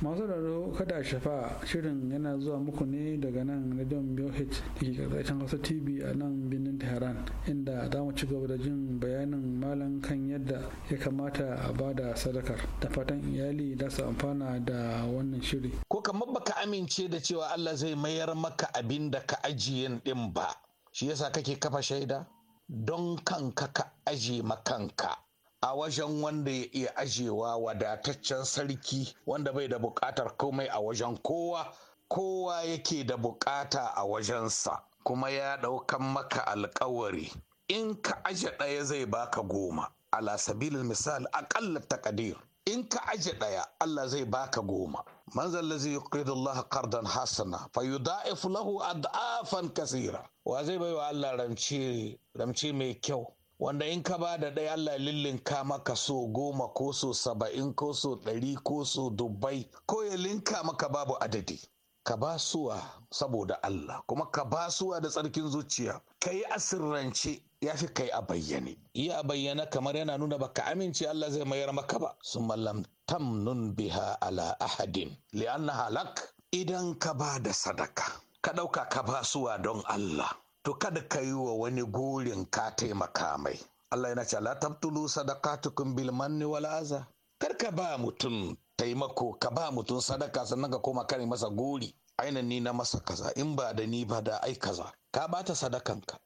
masu raro kada a shafa shirin yana zuwa muku ne daga nan radio boh da ke karkashin hausa tv a nan birnin tehran inda za mu ci gaba da jin bayanin malam kan yadda ya kamata a bada sadakar da fatan iyali da su amfana da wannan shiri ko kamar baka amince da cewa allah zai mayar maka abin da ka ajiye din ba shi yasa kake kafa shaida don kanka ka aje makanka a wajen wanda ya iya ajewa wadataccen sarki wanda bai da buƙatar komai a wajen kowa kowa yake da buƙata a wajensa kuma ya ɗaukan maka alkawari in ka aje ɗaya zai baka goma ala sabilin misal aƙalla takadir in ka aje ɗaya Allah zai baka goma manzan zallazi yuqridu Allah qardan hasana fa yudaifu lahu ad'afan kasira wa zai baiwa Allah ramce ramce mai kyau wanda in ka ba da ɗaya Allah lillinka maka so goma ko so saba'in ko so ɗari ko so dubbai ko ya linka maka babu adadi ka ba basuwa saboda Allah kuma ka ba suwa da tsarkin zuciya ka yi asirrance ya fi kai a bayyane yi a bayyana kamar yana nuna baka amince Allah zai mayar maka ba sun mallam tamnun biha ala ahadin li'anna halak idan ka ba da sadaka ka ɗauka ka ba suwa don Allah to kada ka yi wa wani gorin ka taimaka mai Allah yana ce la tabtulu sadaqatukum bil manni wal aza kar ka ba mutum taimako ka ba mutum sadaka sannan ka koma kare masa guri aina ni na masa kaza in ba da ni ba da ai kaza ka bata sadakanka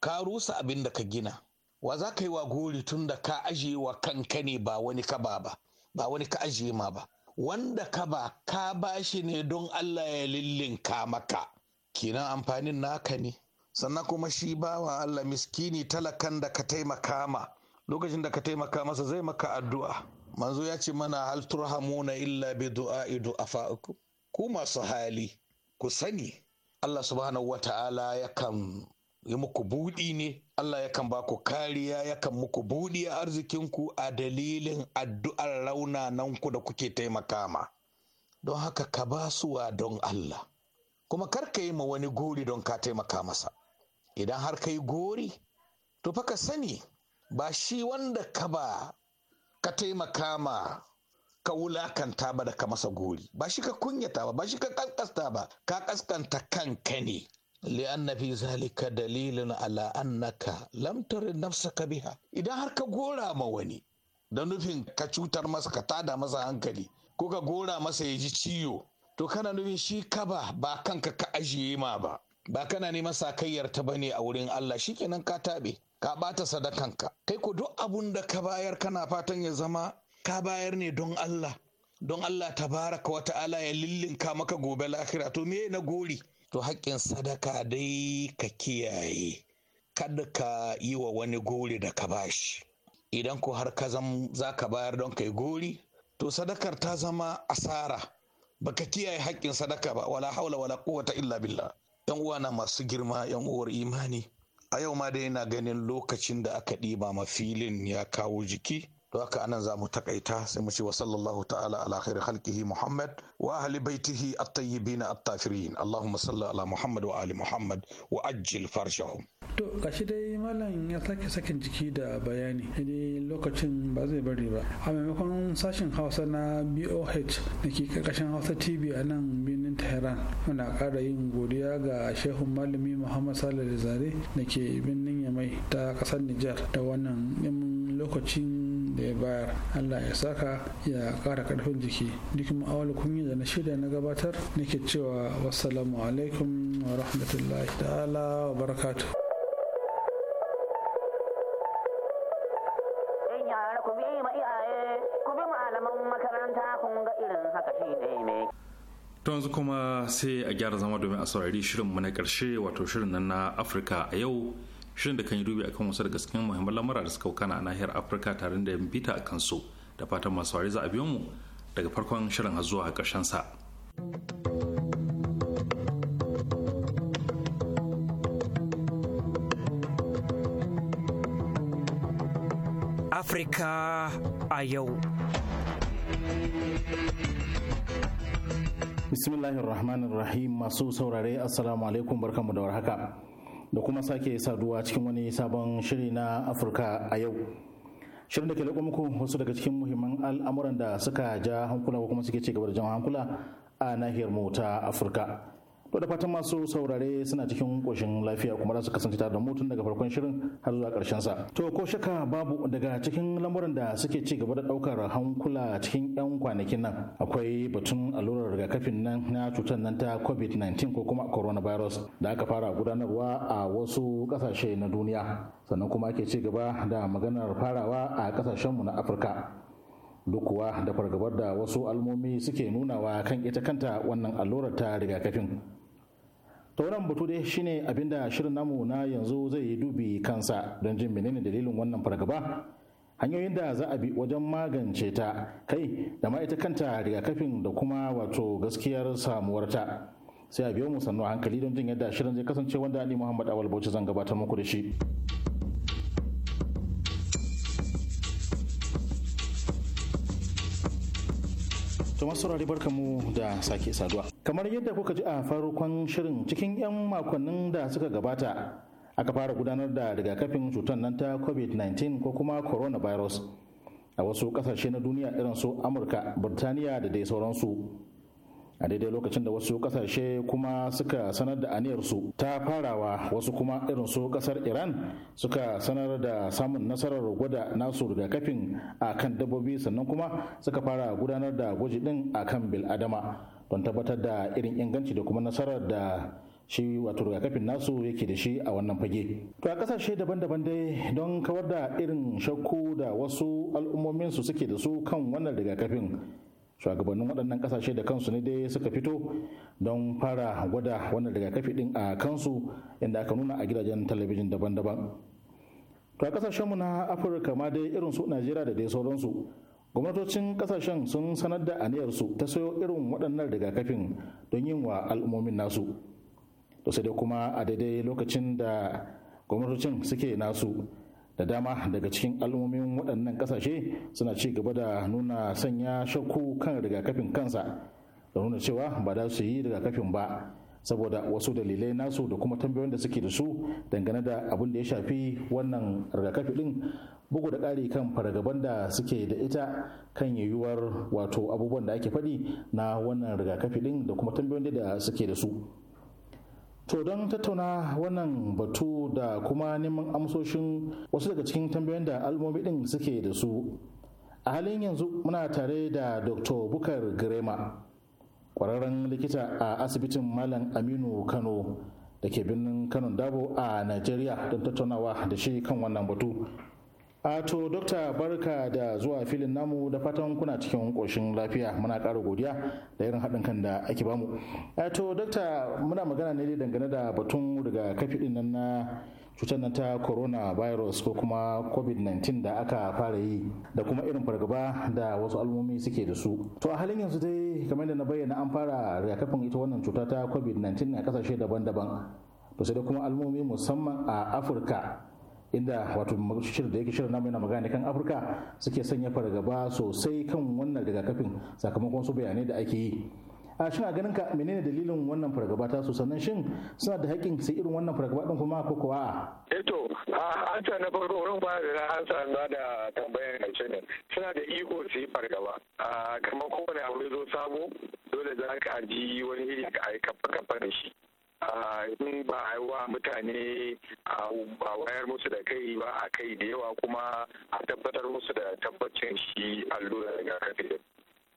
ka rusa abin da ka gina wa za ka yi wa guri tun da ka ajiye wa kanka ne ba wani ka ba ba ba wani ka ajiye ma ba wanda ka ba ka ba shi ne don Allah ya lillinka maka kinan amfanin naka ne sannan kuma shi bawan Allah miskini talakan da ka taimaka ma lokacin da ka taimaka masa zai maka addu'a manzo ya ce mana hal turhamuna illa bi du'a'i du'afa'ukum ku masu hali ku sani Allah subhanahu wata'ala yakan yi muku buɗi ne Allah yakan ba ku kariya yakan muku buɗi a arzikinku a dalilin addu'ar raunananku da kuke taimaka ma don haka ka basuwa don Allah kuma kar ka yi ma wani gori don ka taimaka masa idan har kai gori to fa ka sani ba shi wanda ka ba ka taimaka ma ka wulakanta ba da ka masa gori ba shi ka kunyata ba ba shi ka kankasta ba ka kaskanta kanka ne li'anna fi zalika dalilin ala annaka lam nafsaka biha idan har ka gora ma wani da nufin ka cutar masa ka tada masa hankali ko ka gora masa ya ji ciwo to kana nufin shi ka ba ba kanka ka ajiye ma ba ba kana neman sakayyar ta bane a wurin Allah shi shikenan ka taɓe ka ɓata sadakanka kai ko duk abun da ka bayar kana fatan ya zama ka bayar ne don Allah don Allah tabaraka wa ta'ala ya lillinka maka gobe lahira to me na gori to haƙƙin sadaka dai ka kiyaye kada ka yi wa wani gori da ka bashi idan ko har ka zama za ka bayar don kai gori to sadakar ta zama asara baka kiyaye haƙƙin sadaka ba wala haula wala quwwata illa billah yan uwana masu girma yan uwar imani a yau ma dai na ganin lokacin da aka ɗiba ma filin ya kawo jiki to haka anan za mu takaita sai mu ce wa sallallahu ta'ala ala khairi khalqihi muhammad wa ahli baitihi at-tayyibin at-tafirin allahumma salli ala muhammad wa ali muhammad wa ajil farshahum to gashi dai malam ya sake sakin jiki da bayani ne lokacin ba zai bari ba a maimakon sashin hausa na boh da ke karkashin hausa tv anan nan birnin tehran muna ƙara yin godiya ga shehun malami muhammad salih Rizare da ke birnin yamai ta ƙasar nijar da wannan lokacin da ya bayar allah ya saka ya ƙara ƙarfin jiki duk ma'awal kunyi da na shirya na gabatar nake cewa wassalamu alaikum wa rahmatullahi ta'ala wa barakatuh To yanzu kuma sai a gyara zama domin a saurari mu na karshe wato shirin nan na Afirka a yau shirin da kan yi dubi akan wasu da gaskiyan muhimman lamura da suka kana a nahiyar Afirka tare da bita a kansu da fatan masu saurari za a biyo mu daga farkon shirin har zuwa karshen sa. Afirka a yau. bismillahir rahmanir rahim masu saurare assalamu alaikum barkamu da warhaka da kuma sake saduwa cikin wani sabon shiri na afirka a yau shirin da ke leƙo muku wasu daga cikin muhimman al'amuran da suka ja hankula ko kuma suke cigaba da jan hankula a nahiyar mu ta afirka To da fatan masu saurare suna cikin ƙoshin lafiya kuma za su kasance tare da mutum daga farkon shirin har zuwa ƙarshen sa. To ko shaka babu daga cikin lamuran da suke ci gaba da ɗaukar hankula cikin 'yan kwanakin nan akwai batun allurar rigakafin nan na cutar nan ta COVID-19 ko kuma coronavirus da aka fara gudanarwa a wasu ƙasashe na duniya sannan kuma ake ci gaba da maganar farawa a mu na Afirka. duk kuwa da fargabar da wasu almomi suke nunawa kan ita kanta wannan allurar ta rigakafin sauran batu dai shine abinda shirin namu na yanzu zai yi dubi kansa don jin menene dalilin wannan fargaba hanyoyin da za a bi wajen magance ta kai da ma ita kanta rigakafin da kuma wato gaskiyar samuwarta sai a biyo mu sannu hankali don jin yadda shirin zai kasance wanda ali muhammad awal bauchi zan gabatar muku da shi To masu saurari mu da sake saduwa. Kamar yadda kuka ji a farkon shirin cikin 'yan makonnin da suka gabata aka fara gudanar da rigakafin cutar nan ta COVID-19 ko kuma coronavirus a wasu kasashe na duniya irin su Amurka, Burtaniya da dai sauransu. a daidai lokacin da wasu kasashe kuma suka sanar da aniyarsu ta farawa wasu kuma irin su kasar iran suka sanar da samun nasarar gwada nasu rigakafin a kan dabbobi sannan kuma suka fara gudanar da gwaji din a kan bil'adama don tabbatar da irin inganci da kuma nasarar da shi wato rigakafin nasu yake da shi a wannan fage. To a kasashe daban-daban dai don kawar da irin shakku da wasu al'ummomin su suke da su kan wannan rigakafin shugabannin waɗannan ƙasashe da kansu ne dai suka fito don fara gwada wannan rigakafi ɗin a kansu inda aka nuna a gidajen talabijin daban-daban to a ƙasashenmu na afirka ma dai irin su najeriya da dai sauransu gwamnatocin ƙasashen sun sanar da aniyarsu ta sayo irin waɗannan rigakafin don yin wa al'ummomin nasu to sai dai kuma a daidai lokacin da gwamnatocin suke nasu da dama daga cikin al'ummomin waɗannan ƙasashe suna ci gaba da nuna sanya shakku kan rigakafin kansa da nuna cewa ba da su yi rigakafin ba saboda wasu dalilai nasu da kuma tambayoyin da suke da su dangane da abin da ya shafi wannan rigakafi din bugu da ƙari kan fargaban da suke da ita kan yiwuwar wato abubuwan da ake faɗi na wannan rigakafi din da kuma tambayoyin da suke da su. To don tattauna wannan batu da kuma neman amsoshin wasu daga cikin tambayoyin da al'ummomi din suke da su. A halin yanzu muna tare da Dr. Bukar grema ƙwararren likita a asibitin Malam Aminu Kano da ke birnin Kano Dabo a Najeriya don tattaunawa da shi kan wannan batu. a to dokta barka da zuwa filin namu da fatan kuna cikin ƙoshin lafiya muna ƙara godiya da irin haɗin kan da ake bamu a to dokta muna magana ne dangane da batun daga rigakafi ɗin nan na cutar ta ta coronavirus ko kuma covid-19 da aka fara yi da kuma irin fargaba da wasu al'ummomi suke da su to a halin yanzu dai kamar da na bayyana an fara rigakafin ita wannan cuta ta covid-19 a kasashe daban-daban to sai da kuma al'ummomi musamman a afirka inda wato shirin da yake shirin namuna magana kan afirka suke sanya fargaba sosai kan wannan rigakafin sakamakon su bayanai da ake yi a shin a ganin ka menene dalilin wannan fargaba ta su sannan shin suna da haƙƙin sai irin wannan fargaba din kuma ko kuwa eh a eto a hanta na farko wurin ba da na hanta na da tambayar shi ne suna da iko su yi fargaba a kamar kowane abu zo sabo dole za ka ji wani iri ka aika kafa da shi Ah, in ba a yi wa mutane a wayar musu da kai ba a kai da yawa kuma a tabbatar musu da tabbacin shi allura daga kafin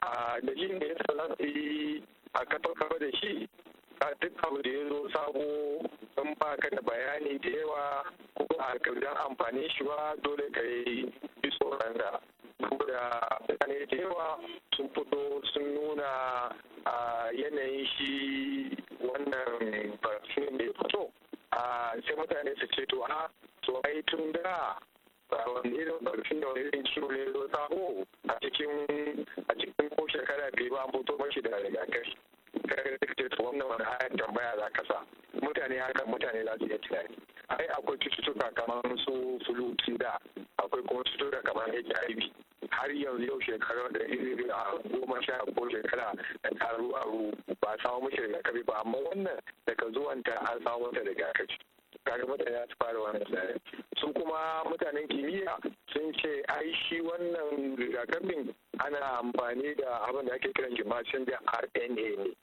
a dalilin da ya salafi a kafa da shi a duk abu da ya zo sabo in ba ka da bayani da yawa ko a kardan amfani shi ba dole ka yi tsoron saboda mutane da yawa sun fito sun nuna a yanayin shi wannan vaccine da ya fito sai mutane su ce to a ah, so ai tun da wani irin barfin da wani irin ciwo ne zo sabo a cikin a cikin ko shekara biyu ba an fito mashi da rigakafi kai ce to wannan wani ayar tambaya za ka sa mutane haka mutane za su iya tunani ai akwai cututtuka kamar su flu da akwai kuma cututtuka kamar hiv har yanzu yau shekarar da iri a goma sha ko shekara da karu aru ba samu mace rigakafi ba amma wannan daga zuwanta an samu mata rigakafi kaga mutane su fara wannan tsarin su kuma mutanen kimiyya sun ce ai shi wannan rigakafin ana amfani da abin da ake kiran shi messenger RNA ne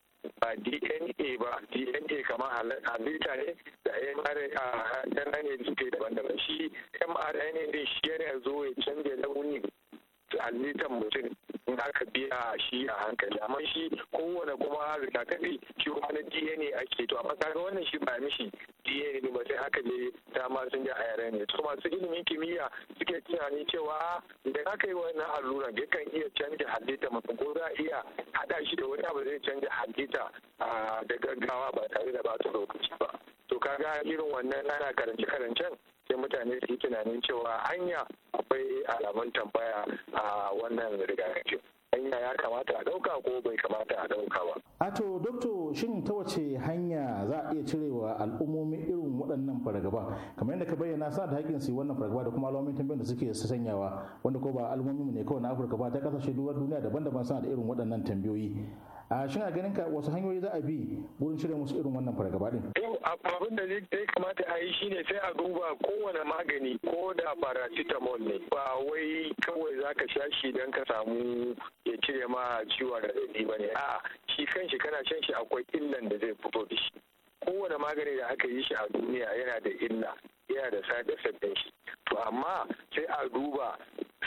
ba dna ba dna kamar halitta ne da mrna suke daban-daban shi mrna din shi yana zo ya canje launin halittar mutum in aka biya shi a hankali amma shi kowane kuma rigakafi shi kuma na dna ake to amma kaga wannan shi ba mishi dna ne ba sai haka ne dama sun ga a ne to masu ilimin kimiyya suke tunani cewa idan aka yi wannan alluran kan iya canja halitta mutum ko za iya hada shi da wani abu zai canja halitta da gaggawa ba tare da bata lokaci ba to kaga irin wannan ana karance-karancen sai mutane su yi tunanin cewa hanya akwai alamun tambaya a wannan rigakafi hanya ya kamata a ɗauka ko bai kamata a ɗauka ba. a to dokto shin ta wace hanya za a iya cirewa al'ummomi irin waɗannan fargaba kamar yadda ka bayyana sa da haƙƙin su wannan fargaba da kuma alamomin tambayar da suke sanyawa wanda ko ba al'ummomi ne kawai na afirka ba ta ƙasashe duniya daban-daban suna da irin waɗannan tambayoyi a shin a ganin ka wasu hanyoyi za a bi wurin cire musu irin wannan fargaba din abin da zai kamata a yi shine sai a duba kowane magani ko da paracetamol ne ba wai kawai za ka sha shi don ka samu ya cire ma ciwon raɗaɗi ba ne. a shi kan shi kana shan shi akwai illan da zai fito da shi kowane magani da aka yi shi a duniya yana da illa yana da side effect din shi to amma sai a duba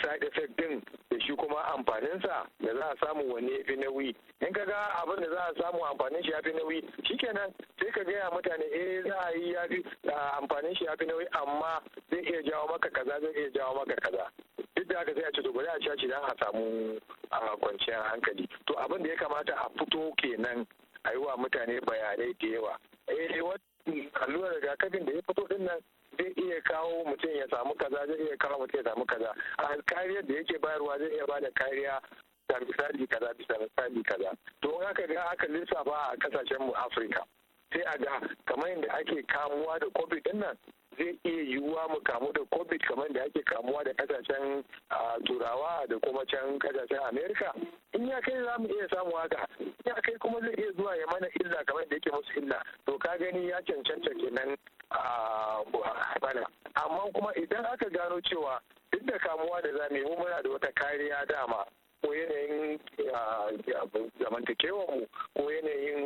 side effect din da shi kuma amfaninsa da za a samu wani ya fi nauyi in ka ga abin da za a samu amfanin shi ya fi nauyi shikenan sai ka gaya mutane eh za a yi ya fi amfanin shi ya fi nauyi amma zai iya jawo maka kaza zai iya jawo maka kaza duk da haka sai a ce to bari a ci dan a samu kwanciyar hankali to abin da ya kamata a fito kenan a yi wa mutane bayanai da yawa eh allurar rigakafin da ya fito din nan zai iya kawo mutum ya samu kaza zai iya kawo mutum ya samu kaza a kariyar da yake bayarwa zai iya bada kariya da misali kaza bisa misali kaza to in aka ga aka lissafa a kasashen mu afirka sai a ga kamar yadda ake kamuwa da kofi din nan zai iya yiwuwa mu kamu da covid kamar da ake kamuwa da kasashen turawa da kuma can kasashen america in ya kai za mu iya samu haka in ya kai kuma zai iya zuwa ya mana illa kamar da yake musu illa to ka gani ya cancanta kenan bana amma kuma idan aka gano cewa duk da kamuwa da zamu yi muna da wata kariya dama ko yanayin ah, zamantakewa mu ko yanayin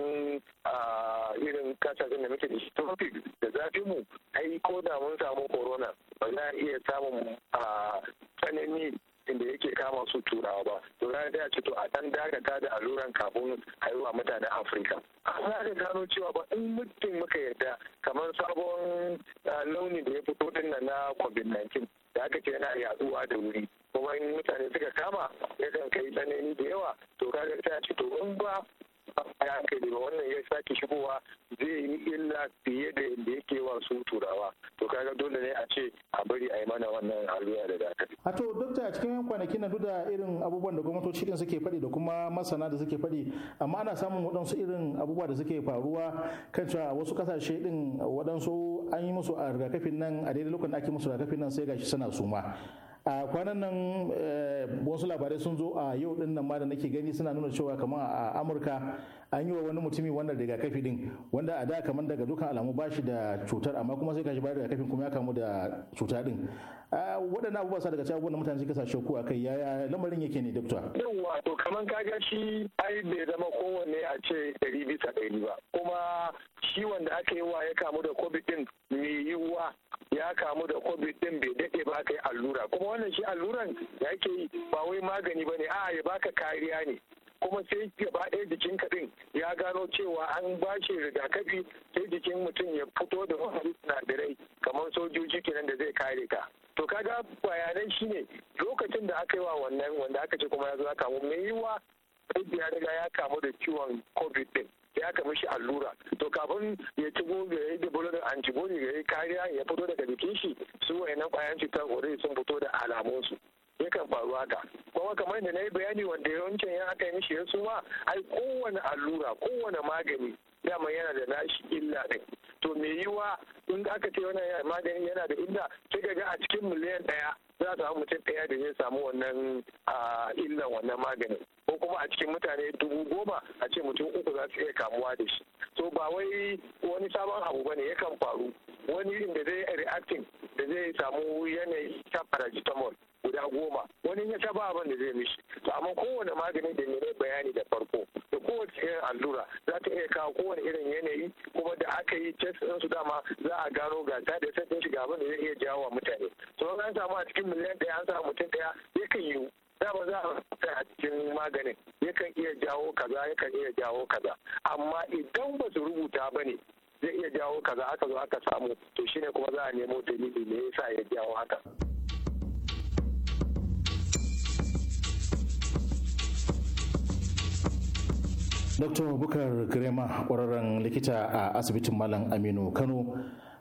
ah, irin kasashen da muke da shi tropic da zafi mu ai ko da mun samu corona ba za a iya samun ah, tsanani da yake kama su turawa ba to ya ta ce to a dan dakata da alluran kafin haihuwa mutanen afirka za ka gano cewa ba in mutum muka yarda kamar sabon ah, launi da ya fito din na covid-19 da aka ce yana yaduwa da wuri kuma in mutane suka kama yakan kai tsanani da yawa to ga ta ce to in ba ya kai ba wannan ya sake shigowa zai yi illa fiye da inda yake wa su turawa to kaga dole ne a ce a bari a yi mana wannan alluya da daka a to dokta a cikin kwanakin na da irin abubuwan da gwamnatoci din suke faɗi da kuma masana da suke faɗi amma ana samun waɗansu irin abubuwa da suke faruwa kan cewa wasu kasashe din waɗansu an yi musu a rigakafin nan a daidai lokacin da ake musu rigakafin nan sai gashi suna suma a kwanan nan eh, wasu labarai sun zo a yau din nan ma da nake gani suna nuna cewa kamar a amurka an yi wa wani mutumi wannan rigakafi din wanda a da kamar daga dukkan alamu ba shi da cutar amma kuma sai kashi bayar rigakafin kuma ya kamu da cuta din waɗannan abubuwa sa daga cewa abubuwan mutane suka sa shakku a kai yaya lamarin yake ne dokta yawa to kamar kaga shi ai bai zama kowanne a ce ɗari bisa ɗari ba kuma shi wanda aka yi wa ya kamu da covid din mai yiwuwa ya kamu da covid din bai daɗe ba aka yi allura kuma wannan shi alluran da ake yi ba wai magani ba ne a'a ya baka kariya ne kuma sai gaba ɗaya jikin kaɗin ya gano cewa an ba shi rigakafi sai jikin mutum ya fito da wasu sinadarai kamar sojoji kenan da zai kare ka to bayanan shi ne lokacin da aka yi wa wannan wanda aka ce kuma ya zo ya kamu mai yiwa ya riga ya kamu da ciwon covid din ya kama shi allura to kafin ya ci gobe ya yi developing antibody ya yi kariya ya fito daga jikin shi su wayannan kwayan cutar ore sun fito da alamunsu yakan faru haka kuma kamar da na yi bayani wanda yawancin ya aka yi mishi ya suma ai kowane allura kowane magani dama yana da nashi illa ɗin to me yiwa in aka ce wannan magani yana da illa sai ga a cikin miliyan ɗaya za a samu mutum ɗaya da zai samu wannan illan wannan maganin ko kuma a cikin mutane dubu goma a ce mutum uku za su iya kamuwa da shi so ba wai wani sabon abu bane kan faru wani yin da zai reacting da zai samu yanayi ta paracetamol guda goma wani ya taba abin da zai mishi to amma kowane magani da ne bayani da farko da kowace irin allura za ta iya kawo kowane irin yanayi kuma da aka yi test ɗinsu su dama za a gano ga ta da sai shi abin da zai iya jawo wa mutane to an samu a cikin miliyan ɗaya an samu mutum ɗaya yakan yiwu ba za a fita a cikin maganin kan iya jawo kaza ya kan iya jawo kaza amma idan ba su rubuta ba ne zai iya jawo kaza aka zo aka samu to shine kuma za a nemo dalili me sa ya jawo haka. Dr. Bukar Grema, ƙwararren likita a asibitin Malam Aminu Kano,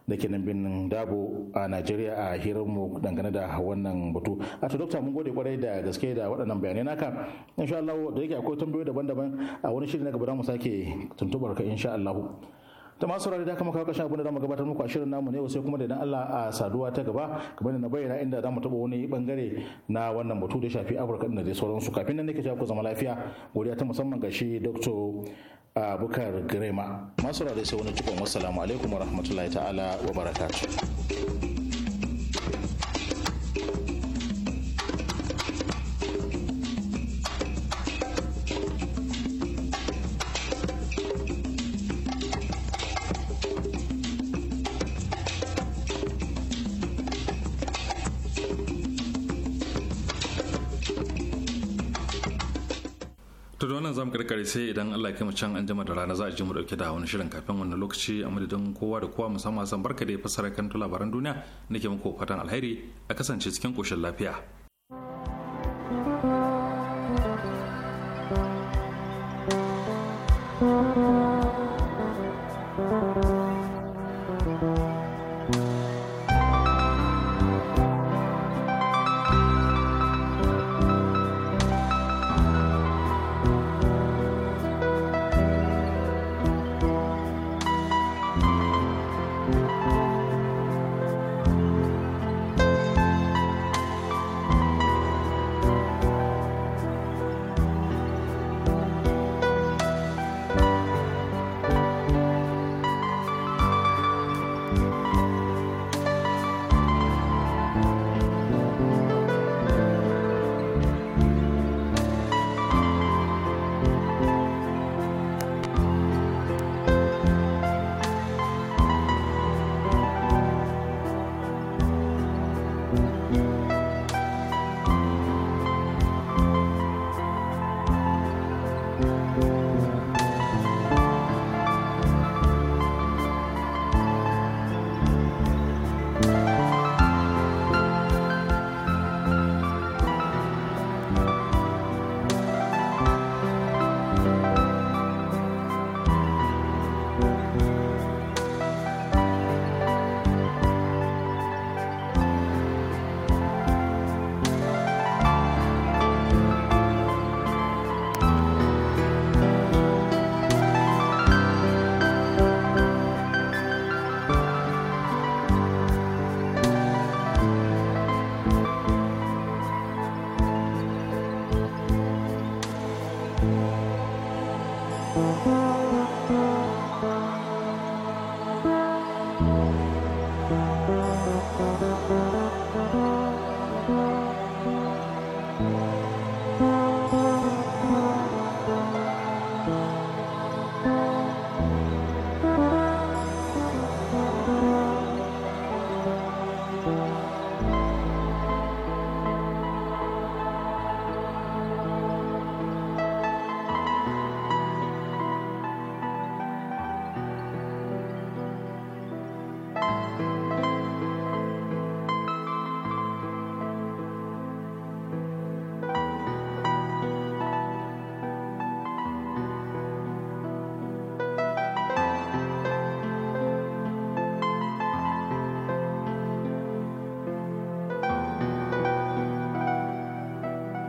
da ke nan birnin dabo a najeriya a hirar mu dangane da wannan batu a to dokta mun gode kwarai da gaske da waɗannan bayanai naka insha Allah da yake akwai tambayoyi daban-daban a wani shiri na gaba za mu sake tuntubar ka insha Allah ta masu rari da kama kawo kashin abin da zamu gabatar muku a shirin namu ne sai kuma da idan Allah a saduwa ta gaba kamar da na bayyana inda zamu taba wani bangare na wannan batu da shafi Afirka da dai sauransu kafin nan nake cewa ku zama lafiya godiya ta musamman ga shi Dr. Abubakar ah, Girema masu rari sai wani cikon wassalamu alaikum wa rahmatullahi ta'ala wa barakatuh karkare sai idan Allah ya can an jima da rana za a ji mu dauke da wani shirin kafin wannan lokaci a madadin kowa da kowa musamman san barka da ya fassara kan labaran duniya nake muku fatan alheri a kasance cikin koshin lafiya